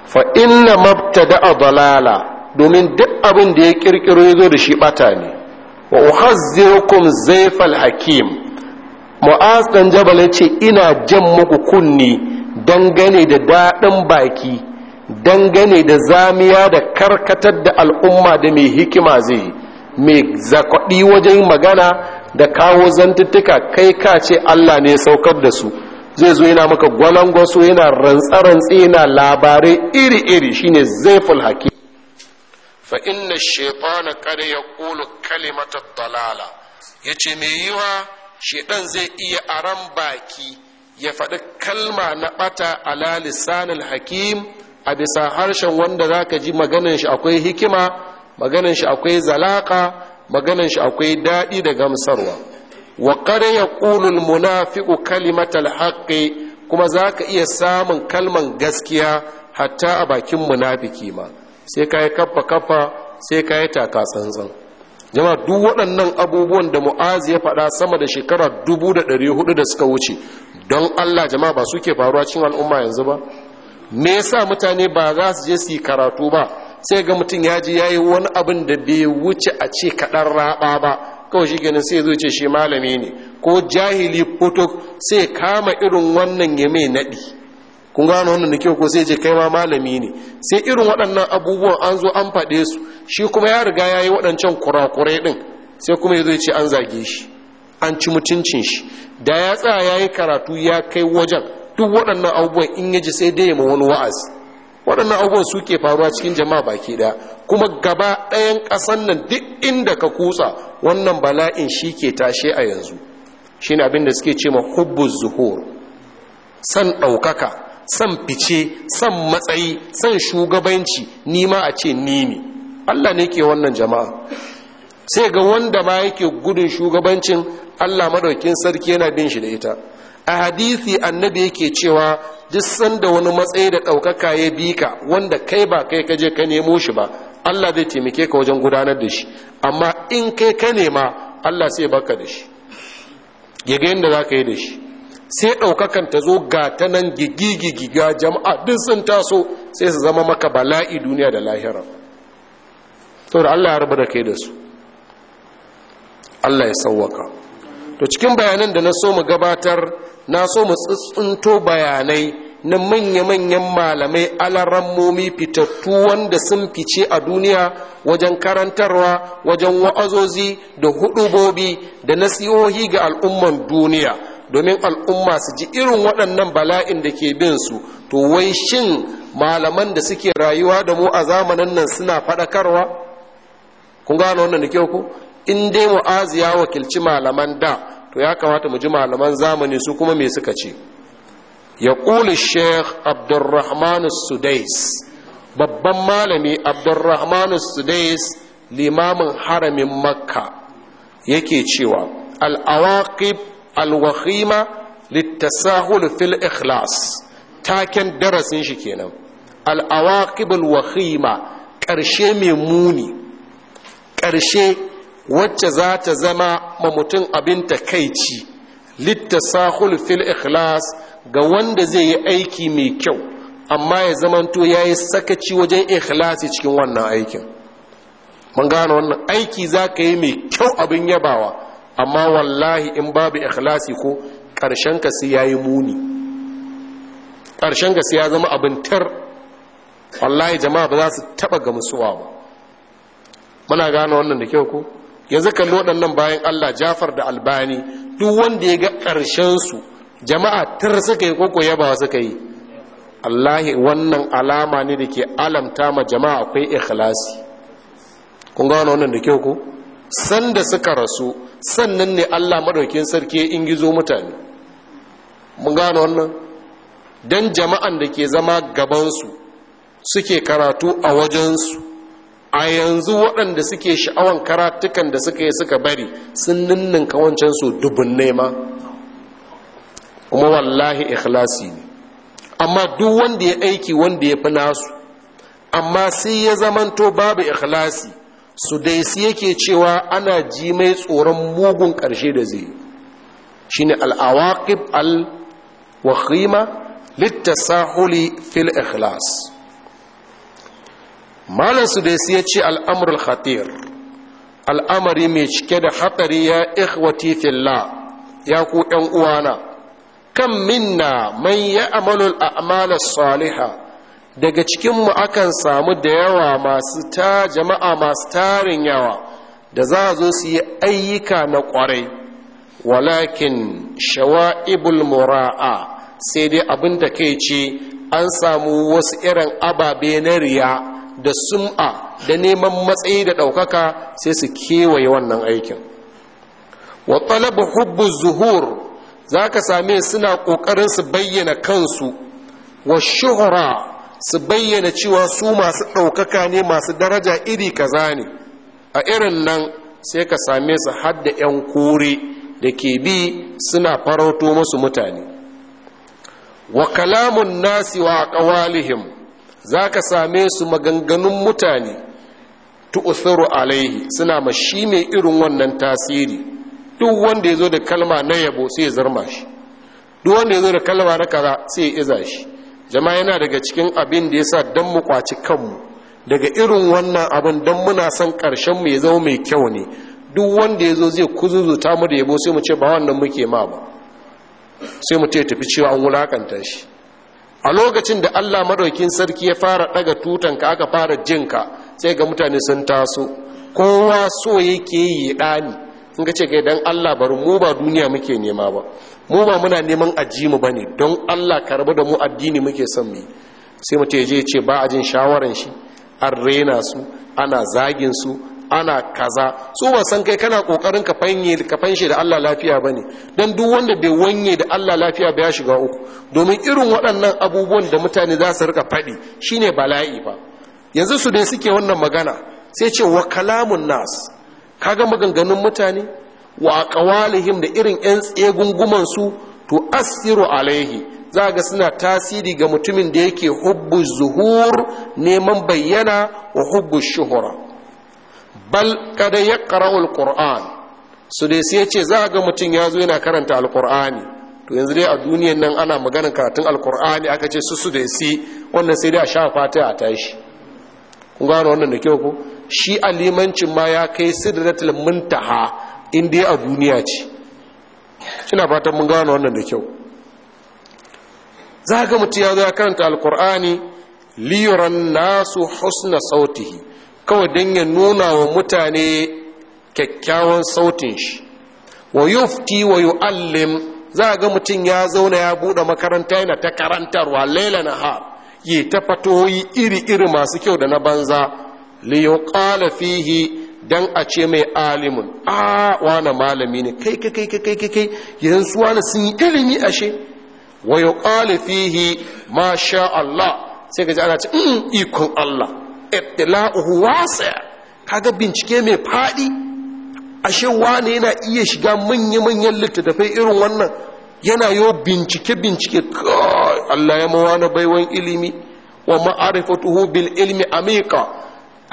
fa inna mabtada'a dalala domin duk abin da ya ƙirƙiro ya zo da shi bata ne wa uhazzirukum zayfal hakim mu'az dan jabal ya ce ina jan muku kunni dangane da daɗin baki dangane da zamiya da karkatar da al'umma da mai hikima zai mai zakwaɗi wajen magana da kawo zantuttuka kai ka ce allah ne saukar da su zai zo yana maka gwalangwaso yana rantsa-rantsa yana labarai iri-iri shine zaiful haki fa inna shaitana kada ya kulu kalimatar dalala ya ce mai yiwa shedan zai iya aran baki ya faɗi kalma na ɓata ala lisanil hakim a bisa harshen wanda zaka ji maganin shi akwai hikima maganin shi akwai zalaka maganin shi akwai daɗi da gamsarwa wa qad yaqulu al munafiqu kalimatal haqqi kuma zaka iya samun kalman gaskiya hatta a bakin munafiki ma sai kai kaffa kaffa sai kai taka tsantsan jama duk waɗannan abubuwan da mu'azi ya faɗa sama da shekara dubu da ɗari hudu da suka wuce don allah jama ba suke faruwa cikin al'umma yanzu ba me yasa mutane ba za su je su yi karatu ba sai ga mutum ya ji ya yi wani abin da bai wuce a ce kaɗan raɓa ba kawai shi ganin sai zo shi malami ne ko jahili fotok sai kama irin wannan ya mai naɗi kun gano wannan da kyau ko sai je kai ma malami ne sai irin waɗannan abubuwan an zo an faɗe su shi kuma ya riga ya yi waɗancan kurakurai ɗin sai kuma ya zo ya ce an zage shi an ci mutuncin shi da ya tsaya ya yi karatu ya kai wajen duk waɗannan abubuwan in ya ji sai dai ya ma wani wa'azi waɗannan abubuwan su ke faruwa cikin jama'a baki ɗaya kuma gaba ɗayan ƙasan nan duk inda ka kutsa wannan bala'in shi ke tashe a yanzu shine abin da suke ce ma hubbu zuhur san ɗaukaka San fice san matsayi san shugabanci nima a ce nini allah ne ke wannan jama'a sai ga wanda ma yake gudun shugabancin allah madaukin sarki yana bin shi da ita a hadisi annabi yake cewa duk da wani matsayi da ɗaukaka ya bi ka wanda kai ba kai ka je ka nemo shi ba allah zai taimake ka wajen gudanar da shi amma in kai ka nema allah sai baka da shi ya ga yadda za ka yi da shi sai ɗaukakan ta zo ga ta nan gigigigiga jama'a duk sun taso sai su zama maka bala'i duniya da lahira da allah ya rabu da kai da su allah ya sauwaka to cikin bayanan da na so mu gabatar na so mu tsuntsunto bayanai na manya-manyan malamai alarammomi fitattu wanda sun fice a duniya wajen karantarwa wajen wa'azozi da hudubobi da nasihohi ga al'umman duniya domin al'umma su ji irin waɗannan bala'in da ke bin su to wai shin malaman da suke rayuwa da mu a zamanin nan suna faɗakarwa kun gano wannan da kyau ku in dai mu'azi ya wakilci malaman da to ya kamata mu ji malaman zamani su kuma me suka ce ya ƙuli sheikh abdurrahman sudais babban malami abdurrahman sudais limamin haramin makka yake cewa al'awaqib alwahima littasahul fil ikhlas taken darasin shi kenan al'awaqibul alwahima ƙarshe mai muni ƙarshe wacce za ta zama ma mutum abin ta takaici littasahul fil ikhlas ga wanda zai yi aiki mai kyau amma ya zamanto ya yi sakaci wajen ikhlasi cikin wannan aikin mun gano wannan aiki za ka yi mai kyau abin yabawa amma wallahi in babu ikhlasi ko ƙarshen ka sai yayi muni ƙarshen ka sai ya zama abin tar wallahi jama'a ba za su taba musuwa ba muna gane wannan da kyau ko yanzu kalli waɗannan bayan Allah Jafar da Albani duk wanda ya ga ƙarshen su jama'a tar suka yi koko yaba suka yi wannan alama ne da ke alamta ma jama'a akwai ikhlasi kun gano wannan da kyau ko sanda suka rasu sannan ne Allah madaukin sarki ya ingizo mutane mun gano wannan dan jama'an da ke zama gabansu suke karatu a wajensu a yanzu waɗanda suke sha'awan karatukan da suka yi suka bari sun ninnin kawancensu su nema kuma wallahi ikhlasi ne amma duk wanda ya aiki wanda ya fi nasu amma sai ya zamanto babu ikhlasi su su yake cewa ana ji mai tsoron mugun ƙarshe da zai shi ne al'awaƙib al-wakhima littasahuli fil ikhlas malar su daisi ya ce al'amurul khatir al'amari mai cike da hatsari ya ikhwati fillah ya ku ‘yan uwana kan minna man ya amalul a'malar salihah daga cikinmu akan samu da yawa masu ta jama'a masu tarin yawa da za zo su yi ayyuka na kwarai walakin shawa'ibul mura'a sai dai abin da kai ce an samu wasu irin ababe na riya da sum'a da neman matsayi da ɗaukaka sai su kewaye wannan aikin wa talabu hubbu zuhur za ka same suna ƙoƙarin su bayyana kansu wa shuhura su bayyana cewa su masu ɗaukaka ne masu daraja iri kaza ne a irin nan sai ka same su hadda 'yan kore da ke bi suna farauto masu mutane wa kalamun nasi wa ƙawalihim za ka same su maganganun mutane tu'uthiru alaihi suna ma shi mai irin wannan tasiri duk wanda ya zo da kalma na yabo sai ya zarma shi duk wanda ya zo da kalma na kaza sai ya iza shi jama yana daga cikin abin da ya sa don mu kwaci kanmu daga irin wannan abin don muna son karshen mai ya zama mai kyau ne duk wanda ya zo zai kuzuzuta mu da yabo sai mu ce ba wannan muke ma ba sai mu ce tafi cewa an wulakanta shi a lokacin da Allah maɗaukin sarki ya fara ɗaga tutan ka aka fara jinka sai ga mutane sun taso kowa so yake yi ɗani in ka ce kai don Allah bari mu ba duniya muke nema ba mu ba muna neman aji mu ne don Allah ka rabu da mu addini muke son mu sai mu je ce ba a jin shawaran shi an rena su ana zagin su ana kaza su ba san kai kana kokarin ka fanye ka fanshe da Allah lafiya bane don duk wanda bai wanye da Allah lafiya ba ya shiga uku domin irin waɗannan abubuwan da mutane za su rika faɗi shine bala'i ba yanzu su dai suke wannan magana sai ce wa kalamun nas kaga maganganun mutane wa qawalihim da irin yan tsegunguman su to asiru alaihi za ga suna tasiri ga mutumin da yake hubbu zuhur neman bayyana wa hubbu shuhura bal kada ya qara'ul Alƙur'an, su dai sai ce za ga mutum ya zo yana karanta alqur'ani to yanzu dai a duniyan nan ana maganar karatun alqur'ani aka ce su su dai si wannan sai dai a sha fatiha a tashi kun gano wannan da kyau ko shi alimancin ma ya kai sidratul muntaha in a duniya ce suna fatan mun gano wannan da kyau za ga mutum ya zo ya karanta alkur'ani liyuran nasu husna sautihi kawai don ya nuna wa mutane kyakkyawan sautin shi wa yufti wa yu'allim za ga mutum ya zauna ya buɗe makaranta yana ta karantarwa laila na ha yi ta fatoyi iri-iri masu kyau da na banza liyuqala fihi dan a ce mai alimun a wane malami ne kai kai kai kai kai kai yanzu su sun yi ilimi ashe wa yi fihi ma sha Allah sai ka ji ana ce in mm, ikon Allah ibtila'uhu wasi' kaga bincike mai fadi ashe wane yana iya shiga manya manyan littattafai irin wannan yana yau bincike bincike kai Allah ya na baiwan ilimi wa ma'arifatuhu bil ilmi amika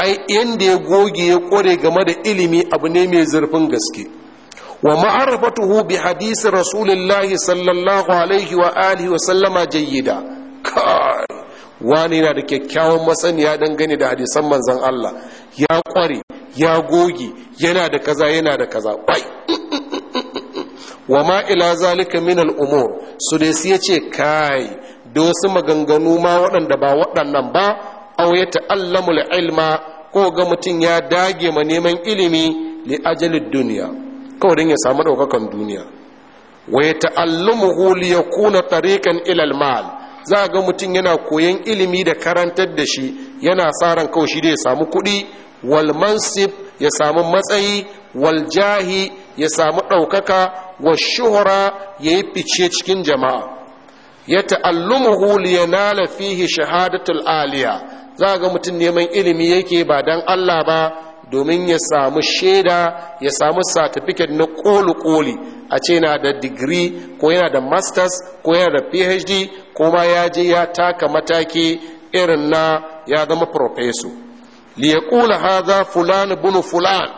ai yadda ya goge ya kore game da ilimi abu ne mai zurfin gaske wa ma'arafatuhu bi hadisi rasulullahi sallallahu alaihi wa alihi wa sallama jayyida kai wani na da kyakkyawan masaniya dangane da hadisan manzon Allah ya kware ya goge yana da kaza yana da kaza kai. wa ma ila zalika min al-umur su dai sai ce kai da wasu maganganu ma waɗanda ba waɗannan ba aw ya ta'allamu ilma ko ga mutum ya dage ma neman ilimi li ajalid duniya kawai don ya samu ɗaukakan duniya wa ya ta'allamuhu li yakuna tariqan ila al-mal za ga mutum yana koyan ilimi da karantar da shi yana tsaran kawai shi da ya samu kuɗi wal mansib ya samu matsayi wal jahi ya samu ɗaukaka wa shuhura ya yi fice cikin jama'a ya ta'allumuhu liyanala fihi shahadatul aliyah. za ga mutum neman ilimi yake ba don allah ba domin ya samu shaida ya samu satifiket na koli-koli a ce na da digiri ko yana da masters ko yana da phd ko ma ya je ya taka mataki irin na ya zama profeso liyakula haza fulani bunu fulani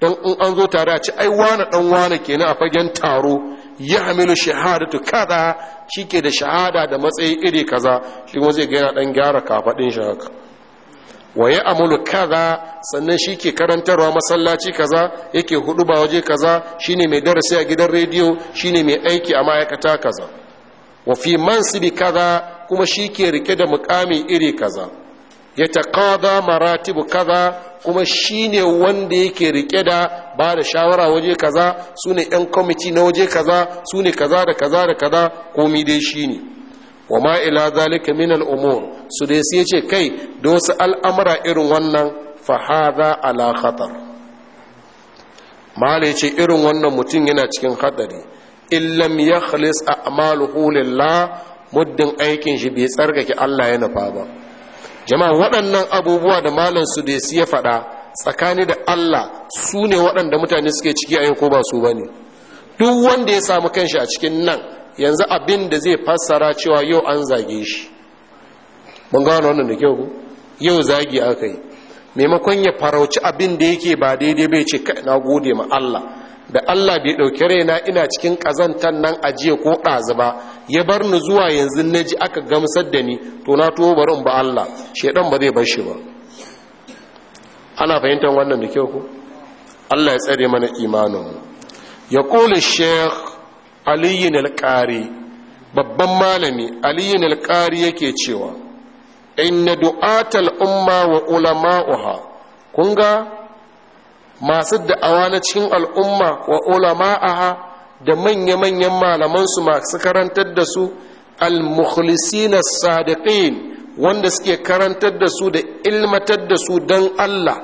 don in an zo tare a ci aiwana wane wane kenan a fagen taro ya hamilu shahadatu kaza shi ke da shahada da matsayi iri kaza shi kuma zai ga yana ɗan gyara kafaɗin shi haka wa ya amulu kaza sannan shi ke karantarwa masallaci kaza yake hudu ba waje kaza shine mai darasi a gidan rediyo shine mai aiki a ma'aikata kaza wa fi mansibi kaza kuma shi ke rike da mukami iri kaza ya maratibu kaza kuma shi ne wanda yake rike da ba da shawara waje kaza su ne 'yan kwamiti na waje kaza su ne kaza da kaza da kaza komi dai shine wa ma'ila zalika min al'umur su dai sai ce kai da wasu al'amura irin wannan fahaza ala khatar mala ce irin wannan mutum yana cikin hadari illam ya khalis a Amalu lillah muddin aikin shi bai tsarkake Allah ya nufa ba jama'a waɗannan abubuwa da malam su da su ya faɗa tsakani da Allah su ne waɗanda mutane suke ciki a yau ko ba su ba ne duk wanda ya samu kanshi a cikin nan yanzu abin da zai fassara cewa yau an zage shi mun gano wannan da kyau yau zagi aka yi maimakon ya farauci abin da yake ba daidai bai ce na gode ma Allah da Allah bai ɗauki raina ina cikin ƙazantar nan ajiye ko ɗazu ba ya bar ni zuwa yanzu na ji aka gamsar da ni to na tuwo barin ba Allah shaidan ba zai bar shi ba ana fahimtar wannan da kyau ko Allah ya tsare mana imaninmu ya kula sheikh aliyu nalƙari babban malami aliyu nalƙari yake cewa inna du'atal umma wa ulama'uha kun ga masu da'awa na cikin al'umma wa ulama'aha da manya-manyan malamansu masu karantar da su al na sadiqin wanda suke karantar da su da ilmatar da su don Allah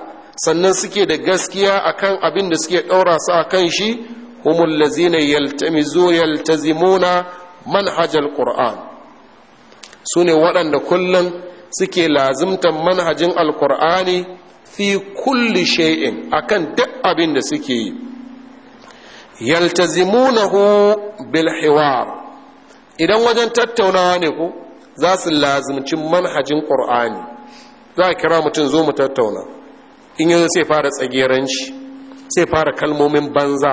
sannan suke da gaskiya akan abin da suke ɗaura su a kan shi humul lazina yaltamizu yaltazimuna manhajar qur'an su ne waɗanda kullum suke lazimtan manhajin alkur'ani fi kulli shay'in akan duk abin da suke yi yaltazimunahu bil hiwar idan wajen tattaunawa ne ko za su lazimci manhajin qur'ani za a kira mutum zo mu tattauna in yanzu sai fara tsageranci sai fara kalmomin banza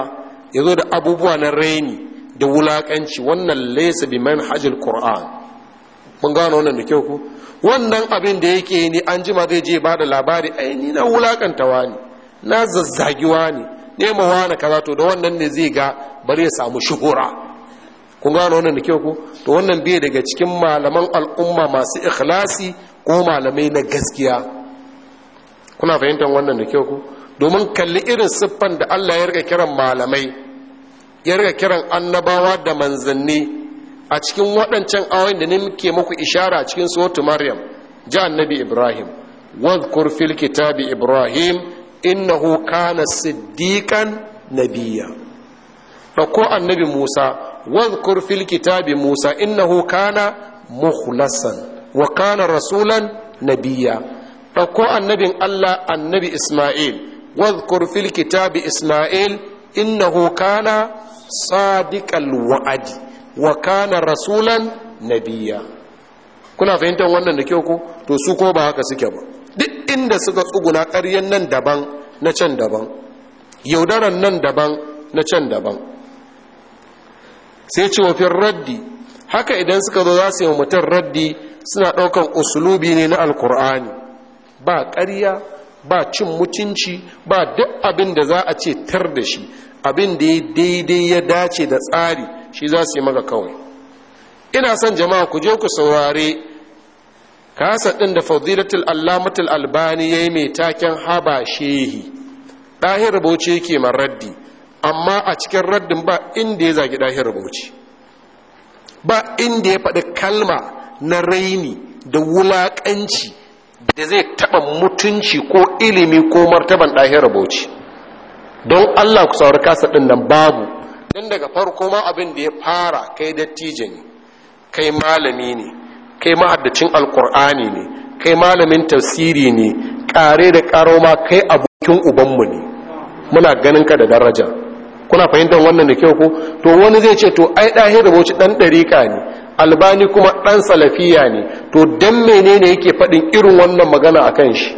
ya zo da abubuwa na raini da wulakanci wannan laysa bi manhajil ƙur'an. mun gano wannan da kyau ku. wannan abin da yake ni an jima zai je ba da labari ai ni na wulakantawa ne na zazzagiwa ne nema wani kaza to da wannan ne zai ga bari ya samu shuhura kun gano wannan da kyau ku. to wannan bai daga cikin malaman al'umma masu ikhlasi ko malamai na gaskiya kuna fahimtar wannan da kyau ku? domin kalli irin siffan da Allah ya rika kiran malamai ya rika kiran annabawa da manzanni a cikin waɗancan awon da muke muku ishara a cikin Sotu maryam ji annabi ibrahim wadhkur fil kitabi ibrahim innahu kana siddiqan nabiyya ko annabi musa wadhkur fil kitabi musa innahu kana mukhlasan wa kana rasulan nabiyya ɗauko annabin allah annabi isma'il wadhkur fil kitabi isma'il innahu kana sadiqal wa'adi wa kana rasulan nabiya kuna fahimtar wannan da kyau ko to su ko ba haka suke ba duk inda suka tsuguna ƙaryen nan daban na can daban yaudaran nan daban na can daban sai ce wafin raddi haka idan suka zo za su yi mutum raddi suna ɗaukan usulubi ne na alkur'ani ba ƙarya ba cin mutunci ba duk abin da za a ce tar da shi abin da ya daidai ya dace da tsari shi za su yi maka kawai ina son jama'a ku je ku saurare kasa ɗin da fadilatul allamatul albani ya yi mai taken haba shehi ɗahir rubuce yake man raddi amma a cikin raddin ba inda ya zagi ɗahir rubuce ba inda ya faɗi kalma na raini da wulaƙanci da zai taɓa mutunci ko ilimi ko martaban ɗahir rubuce don allah ku saurari kasa ɗin nan babu don daga farko ma abin da ya fara kai dattijo ne kai malami ne kai mahaddacin alkur'ani ne kai malamin tafsiri ne kare da karo ma kai abokin ubanmu ne muna ganin ka da daraja kuna fahimtar wannan da kyau ko to wani zai ce to ai dahi da wuce dan dariƙa ne albani kuma dan salafiya ne to dan menene yake faɗin irin wannan magana a kan shi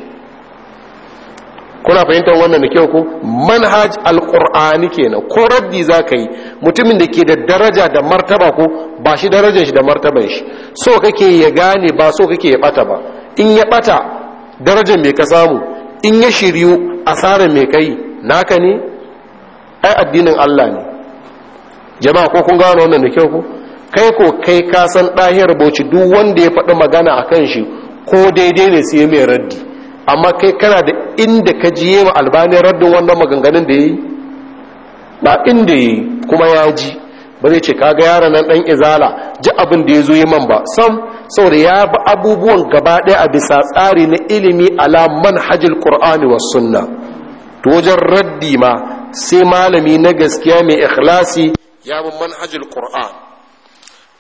kuna fahimtar wannan da kyau ko manhaj alqur'ani kenan ko raddi zakai mutumin da ke da daraja da martaba ko ba shi darajar shi da martaban shi so kake ya gane ba so kake ya bata ba in ya bata darajar me ka samu in ya shiryu asarar me kai naka ne ai addinin Allah ne jama'a ko kun gano wannan da kyau ko kai ko kai ka san dahiyar bauchi duk wanda ya faɗi magana akan shi ko daidai ne sai mai raddi amma kai kana da inda ka jiye wa albani raddin wannan maganganun da ya yi na inda ya yi kuma ya ji ba zai ce kaga yaran nan dan izala ji abin da ya zo yi man ba sam saboda ya bi abubuwan gaba ɗaya a bisa tsari na ilimi ala manhajil qur'ani was sunna to wajen raddi ma sai malami na gaskiya mai ikhlasi ya bi manhajil qur'an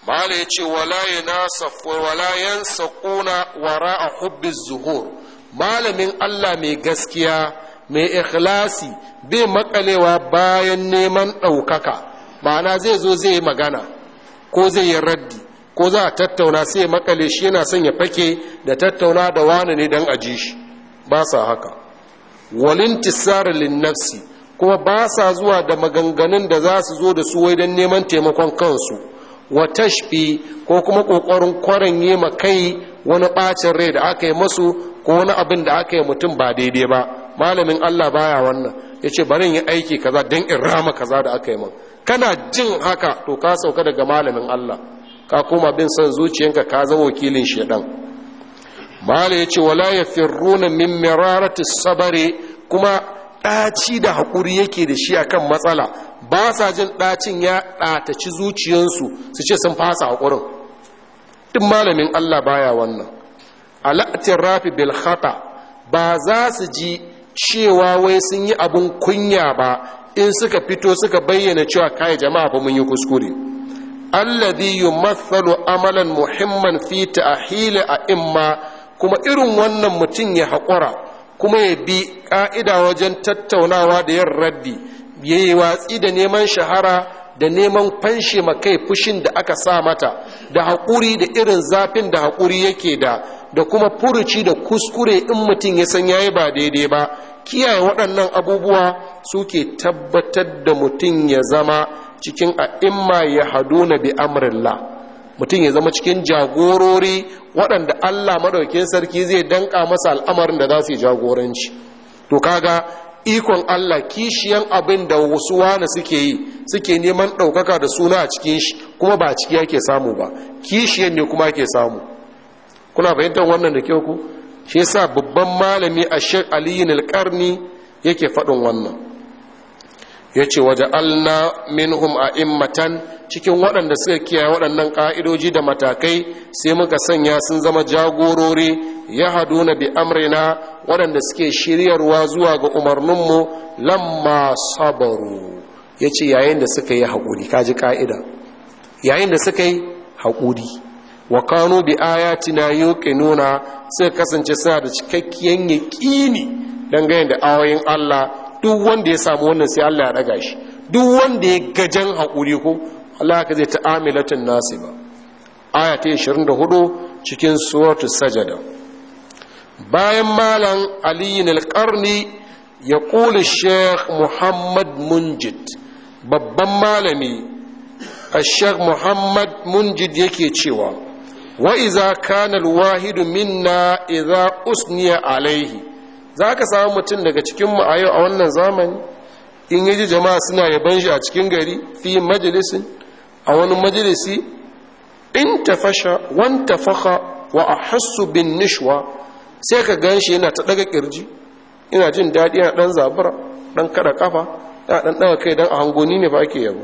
mala yace wala yanasaf wala yansaquna wara'a zuhur malamin Allah mai gaskiya mai ikhlasi bai makalewa bayan neman ɗaukaka ma'ana zai zo zai yi magana ko zai yi raddi ko za a tattauna sai ya makale shi yana son ya fake da tattauna da wani ne don aji shi ba sa haka walin tisarilin nafsi kuma ba sa zuwa da maganganun da za su zo da su wai don neman taimakon kansu wa tashfi ko kuma ƙoƙarin kwaran yi ma kai wani ɓacin rai da aka yi masu ko wani abin da aka yi mutum ba daidai ba malamin Allah baya wannan ya ce barin yi aiki kaza don in rama kaza da aka yi man kana jin haka to ka sauka daga malamin Allah ka koma bin son zuciyanka ka zama wakilin shaidan mala ya ce wala ya firruna min mararatu sabari kuma ɗaci da haƙuri yake da shi akan matsala ba sa jin ɗacin ya ɗataci zuciyansu su ce sun fasa haƙurin duk malamin Allah baya wannan al'atirafi rafi bil khata ba za su ji cewa wai sun yi abun kunya ba in suka fito suka bayyana cewa kai jama'a ba mun yi kuskure alladhi yumathalu amalan muhimman fi ta'hil a imma kuma irin wannan mutum ya haƙura kuma ya bi ƙa'ida wajen tattaunawa da yin raddi yayi watsi da neman shahara da neman fanshe ma kai fushin da aka sa mata da haƙuri da irin zafin da haƙuri yake da da kuma furuci da kuskure in mutum ya san yayi ba daidai ba kiyaye waɗannan abubuwa suke tabbatar da mutum ya zama cikin a'imma ya haduna bi amrillah mutum ya zama cikin jagorori waɗanda Allah madaukin sarki zai danka masa al'amarin da za su yi jagoranci to kaga ikon Allah kishiyan abin da wasu wani suke yi suke neman ɗaukaka da suna a cikin shi kuma ba ciki yake samu ba kishiyan ne kuma ke samu kuna fahimtar wannan da kyau ku shi yasa babban malami a shek aliyu nilkarni yake faɗin wannan ya ce waje alna minhum a immatan cikin waɗanda suka kiyaye waɗannan ƙa'idoji da matakai sai muka sanya sun zama jagorori ya hadu na bi amrina waɗanda suke shiryarwa zuwa ga umarninmu lamma sabaru ya ce yayin da suka yi haƙuri kaji ƙa'ida yayin da suka yi haƙuri wa kanu bi ayatina nuna sai kasance suna da cikakken yaqini dangane da awayin Allah duk wanda ya samu wannan sai Allah ya daga shi duk wanda ya gajan hakuri ko Allah ka zai ta'amilatun nasiba aya ta 24 cikin suratul sajada bayan malam ali al-qarni ya kula sheikh muhammad munjid babban malami a sheikh muhammad munjid yake cewa wa iza kana alwahidu minna iza usniya alaihi zaka samu mutum daga cikin mu a yau a wannan zamani in yaji jama'a suna yaban shi a cikin gari fi majalisin a wani majalisi in tafasha wan tafaha wa ahassu bin nishwa sai ka ganshi yana ta daga kirji ina jin daɗi yana ɗan zabura ɗan kada kafa yana ɗan ɗaga kai dan a hangoni ne ba ake yabo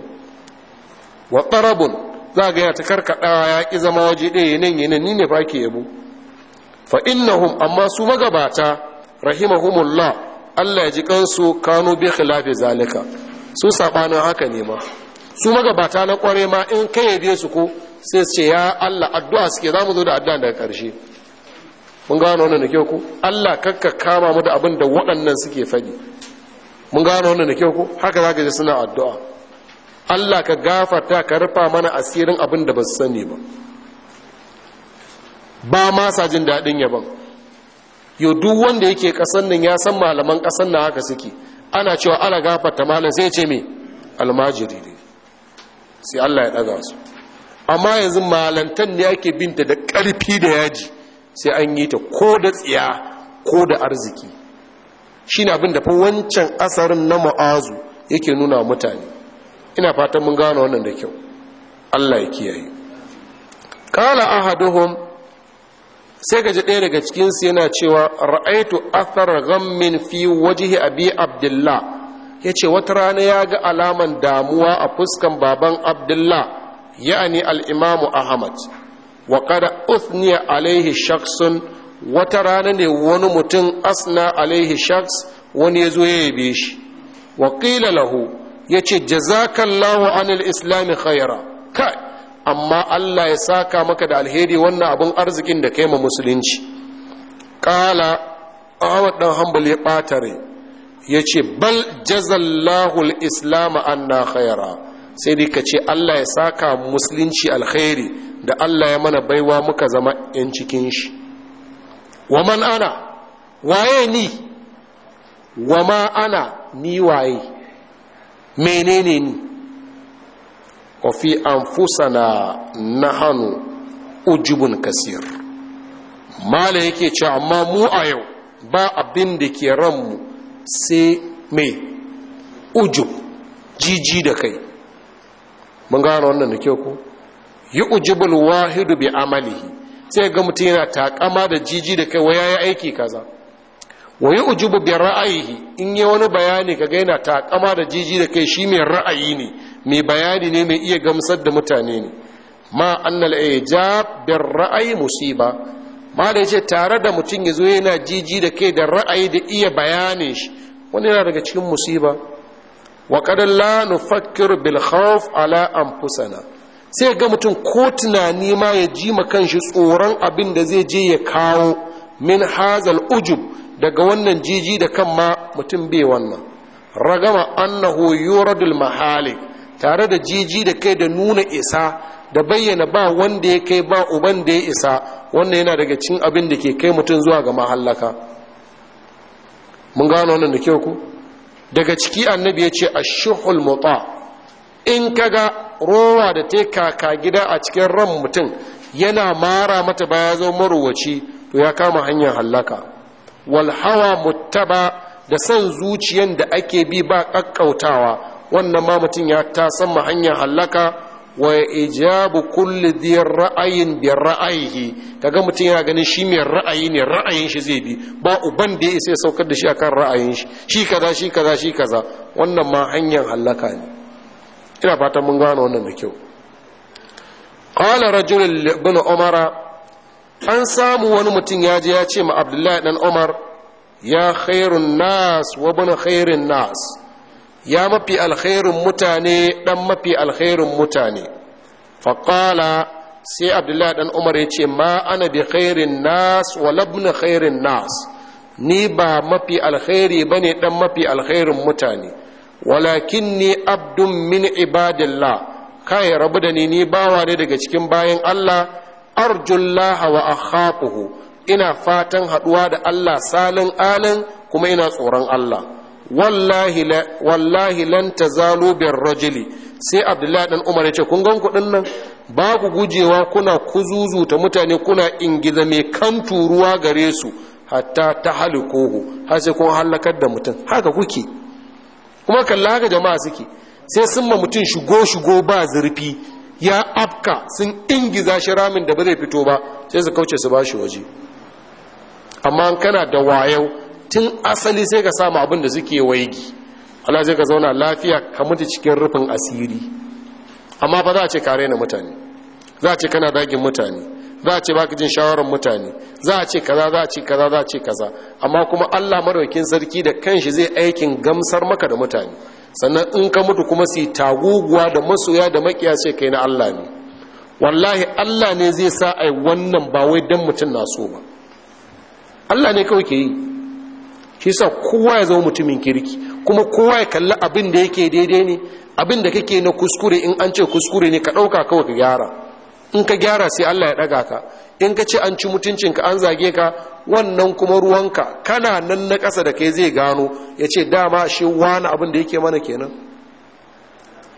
wa qarabun za a gaya ta karkaɗawa ya ƙi zama waje ɗaya yi nan ni ne fa ke yabo fa innahum amma su magabata rahimahumullah Allah ya ji kansu kanu bi khilafi zalika su sabanin haka ne ma su magabata na kware ma in kai yabe su ko sai ce ya Allah addu'a suke mu zo da addu'a daga karshe mun gano wannan da kyau Allah kakka kama mu da abin da waɗannan suke faɗi mun gano wannan da kyau haka zaka ji suna addu'a Allah ka gafata, ka rufa mana asirin abin da ba su sani ba ba ma sa jin daɗin yaban yau duk wanda yake ƙasan nan ya san malaman ƙasan na haka suke ana cewa ala gafarta malam sai ce me almajiri ne sai Allah ya ɗaga su amma yanzu malantan ne ake binta da ƙarfi da yaji sai an yi ta ko da tsiya ko da arziki shi ne abin da fa wancan asarin na ma'azu yake nuna mutane ina fatan mun gano wannan da kyau allah ya kiyaye kala ahaduhum sai gaji ɗaya daga cikinsu yana cewa ra'aitu athar ghammin fi wajhi abi abdullah ya ce wata rana ya ga alaman damuwa a fuskan baban abdullah ya'ani al'imamu ahmad wa qada uthniya alaihi shaksun wata rana ne wani mutum asna alaihi shaks wani ya zo ya yabe shi wa lahu ya ce jazakallahu anil islami khaira kai amma allah ya saka maka da alheri wannan abin arzikin da kai ma musulunci kala ahmad dan hanbal ya ɓatare ya ce bal jazallahu al-islam anna khaira sai dai ka ce allah ya saka musulunci alheri da allah ya mana baiwa muka zama 'yan cikin shi wa man ana waye ni wa ma ana ni waye menene ni wa fi na hannu ujubun kasir mala yake ci amma mu a yau ba abin da ke ranmu sai mai ujub jiji da kai mun gano wannan da kyau ko yi ujubul wahidu bi amalihi sai ga mutum yana takama da jiji da kai wa yayi aiki kaza wa yi ujubu biyar ra'ayi in yi wani bayani ka gaina yana takama da jiji da kai shi mai ra'ayi ne mai bayani ne mai iya gamsar da mutane ne ma annal ijab bir ra'ayi musiba ma da ce tare da mutum ya zo yana jiji da kai da ra'ayi da iya bayani shi wani yana daga cikin musiba wa kadalla nufakir bil ala anfusana sai ga mutum ko tunani ma ya ji ma shi tsoron abin da zai je ya kawo min hazal ujub daga wannan jiji da kan ma mutum bai wannan ragama annahu yuradul mahalik tare da jiji da kai da nuna isa da bayyana ba wanda ya kai ba uban da ya isa wannan yana daga cin abin da ke kai mutum zuwa ga mahallaka mun gano wannan da kyau ku daga ciki annabi ya ce ashuhul muta in kaga rowa da ta kaka gida a cikin ran mutum yana mara mata baya zo marowaci to ya kama hanyar hallaka wal hawa muttaba da son zuciyan da ake bi ba kakkautawa wannan ma mutum ya ta san ma hanyar hallaka wa ijabu kulli diyar ra'ayin bi ra'ayihi kaga mutum ya ganin shi mai ra'ayi ne ra'ayin shi zai bi ba uban da ya sai saukar da shi akan ra'ayin shi shi kaza shi kaza shi kaza wannan ma hanyar hallaka ne ina fatan mun gano wannan da kyau qala rajulun ibn umara an samu wani mutum ya je ya ce ma abdullahi dan umar ya khairun nas wa bin khairin nas ya mafi alkhairun mutane dan mafi alkhairun mutane faƙala sai abdullahi dan umar ya ce ma ana bi khairin nas wa labna khairin nas ni ba mafi alkhairi bane ne dan mafi alkhairin mutane walakin ni abdun min ibadillah kai rabu da ni ni bawa ne daga cikin bayan allah arjullaha wa akhafuhu ina fatan haduwa da Allah salin alin kuma ina tsoron Allah wallahi la wallahi lan tazalu bir rajuli sai abdullahi dan umar yace kun gan kuɗin nan ku gujewa kuna kuzuzuta mutane kuna ingiza mai kan turuwa gare su hatta ta halikohu har sai kun halakar da mutum haka kuke kuma kalla haka jama'a suke sai sun ma mutum shigo shigo ba zurfi ya afka sun ingiza shi ramin da ba zai fito ba sai su kauce su ba shi waje amma kana da wayau tun asali sai ka samu abin da suke waigi ala zai ka zauna lafiya ka mutu cikin rufin asiri amma ba za a ce kare na mutane za a ce kana dagin mutane za a ce baka jin shawarar mutane za a ce kaza za a ce kaza za a ce kaza amma kuma Allah maraukin sarki da kanshi zai aikin gamsar maka da mutane sannan in ka mutu kuma su taguguwa da masoya da makiya sai kai na Allah ne wallahi Allah ne zai sa ai wannan ba wai dan mutum na so ba Allah ne kawai ke yi shi sa kowa ya zama mutumin kirki kuma kowa ya kalli abin da yake daidai ne abin da kake na kuskure in an ce kuskure ne ka ɗauka kawai ka gyara in ka gyara sai Allah ya daga ka in ka ce an ci mutuncinka an zage ka wannan kuma ruwanka kana nan na ƙasa da kai zai gano ya ce dama shi wani abin da yake mana kenan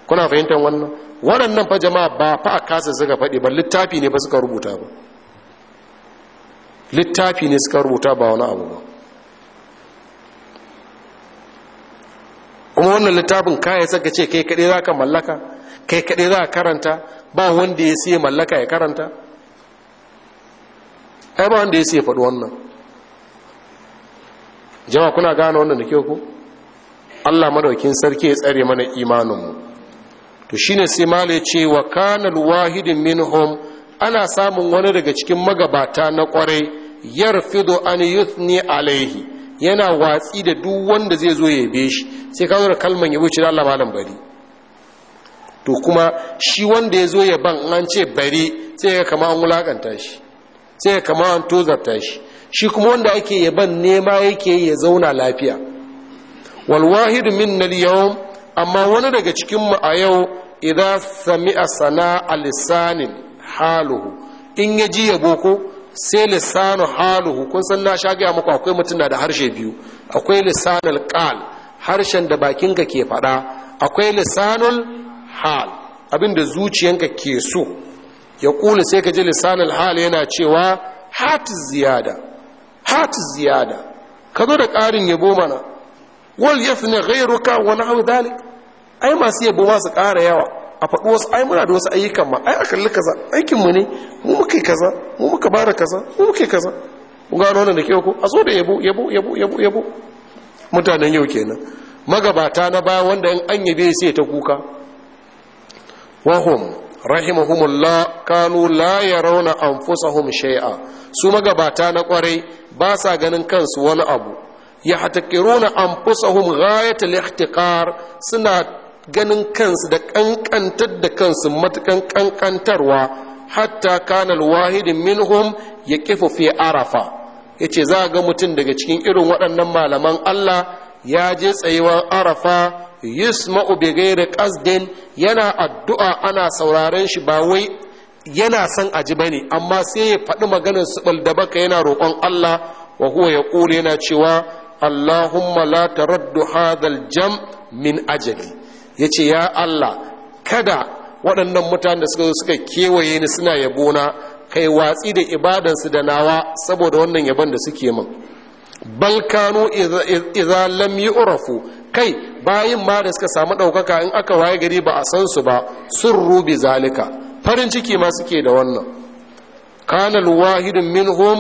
kuna fahimtar wannan waɗannan fa jama'a ba fa a kasa suka faɗi ba littafi ne ba suka rubuta ba littafi ne suka rubuta ba wani abu ba kuma wannan littafin kaya saka ce kai kaɗai za ka mallaka kai kaɗai za a karanta ba wanda ya siya mallaka ya karanta ai ba wanda ya siya faɗi wannan jama kuna gane wannan da kyau ku allah madaukin sarki ya tsare mana imaninmu to shine sai mala ya ce wa kanal wahidin minhum ana samun wani daga cikin magabata na kwarai 'yar yarfido an ne alaihi yana watsi da duk wanda zai zo ya yabe shi sai ka da kalman yabo ce da Allah malam bari to kuma shi wanda ya zo ya ban an ce bari sai ya kama an wulakanta shi sai ya kama an tozarta shi shi kuma wanda ake ya ban nema yake ya zauna lafiya walwahid min al amma wani daga cikin mu a yau idan sami'a sana alisanin haluhu in ya ji yabo ko sai lisanu haluhu kun san na shagaya maku akwai mutum na da harshe biyu akwai lisanul qal harshen da bakinka ke faɗa akwai lisanul hal abinda zuciyanka ke so ya kula sai ka ji lisanin hal yana cewa hati ziyada hati ziyada ka zo da ƙarin yabo mana wal yafni ghayruka wa nahwu dalik ai masu yabo masu ƙara yawa a faɗi wasu ai muna da wasu ayyukan ma ai a kaza aikin mu ne mu muka kaza mu muka bara kaza mu muka kaza ku gano wannan da ke ko a zo da yabo yabo yabo yabo yabo mutanen yau kenan magabata na baya wanda in an yabe sai ta kuka wahum rahimahumullah kanu la yarawna anfusahum shai'a, su magabata na kwarai ba sa ganin kansu wani abu ya hatakiruna anfusahum ghayat al suna ganin kansu da kankantar da kansu matakan kankantarwa hatta kanal al-wahid ya yaqifu fi arafa yace za ga mutum daga cikin irin waɗannan malaman Allah ya je tsayuwar arafa yusma'u bi ghairi qasdin yana addu'a ana sauraren shi ba wai yana son aji bane amma sai ya faɗi maganar bal da baka yana roƙon Allah wa huwa ƙure yana cewa Allahumma la taraddu hadal jam min ajali yace ya Allah kada waɗannan mutanen da suka zo suka kewaye ni suna yabona kai watsi da ibadansu da nawa saboda wannan yabon da suke min bal kanu idza lam yu'rafu kai bayin ma da suka samu ɗaukaka in aka waye gari ba a san su ba sun rubi zalika farin ciki ma suke da wannan kanal wahidun minhum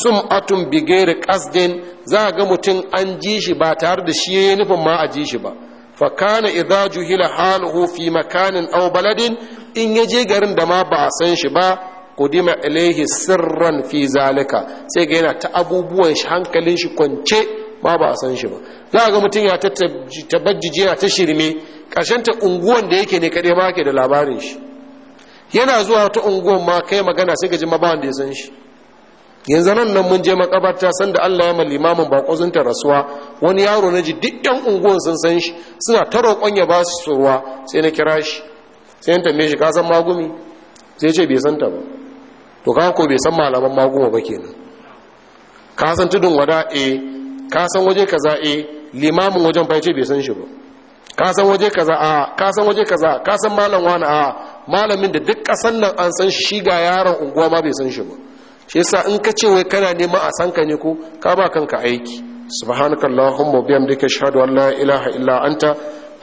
sum'atun bi ghairi qasdin za ga mutum an ji shi ba tare da shi yayin nufin ma a ji shi ba fa kana idza juhila haluhu fi makanin aw baladin in yaje garin da ma ba a san shi ba kudima ilaihi sirran fi zalika sai ga yana ta abubuwan shi hankalin shi kwance ba ba a san shi ba za a ga mutum ya tabajjiji yana ta shirme ta unguwan da yake ne kaɗai ma ke da labarin shi yana zuwa ta unguwan ma kai magana sai gaji ma ba wanda ya san shi yanzu nan nan mun je makabarta sanda Allah ya ma limamin bakozin ta rasuwa wani yaro na ji duk yan unguwan sun san shi suna ta roƙon ya ba su ruwa sai na kira shi sai ya tambaye shi ka san magumi sai ce bai san ta ba to ka ko bai san malaman maguma ba kenan ka san tudun wada eh ka san waje kaza e limamin wajen fa bai san shi ba ka san waje kaza a ka san waje kaza ka san malam wani a malamin da duk kasan nan an san shi ga yaron unguwa ma bai san shi ba shi yasa in ka ce wai kana neman a san ka ne ko ka ba kanka aiki subhanaka allahumma wa bihamdika ashhadu an la ilaha illa anta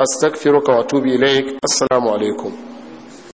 astaghfiruka wa atubu ilaik assalamu alaikum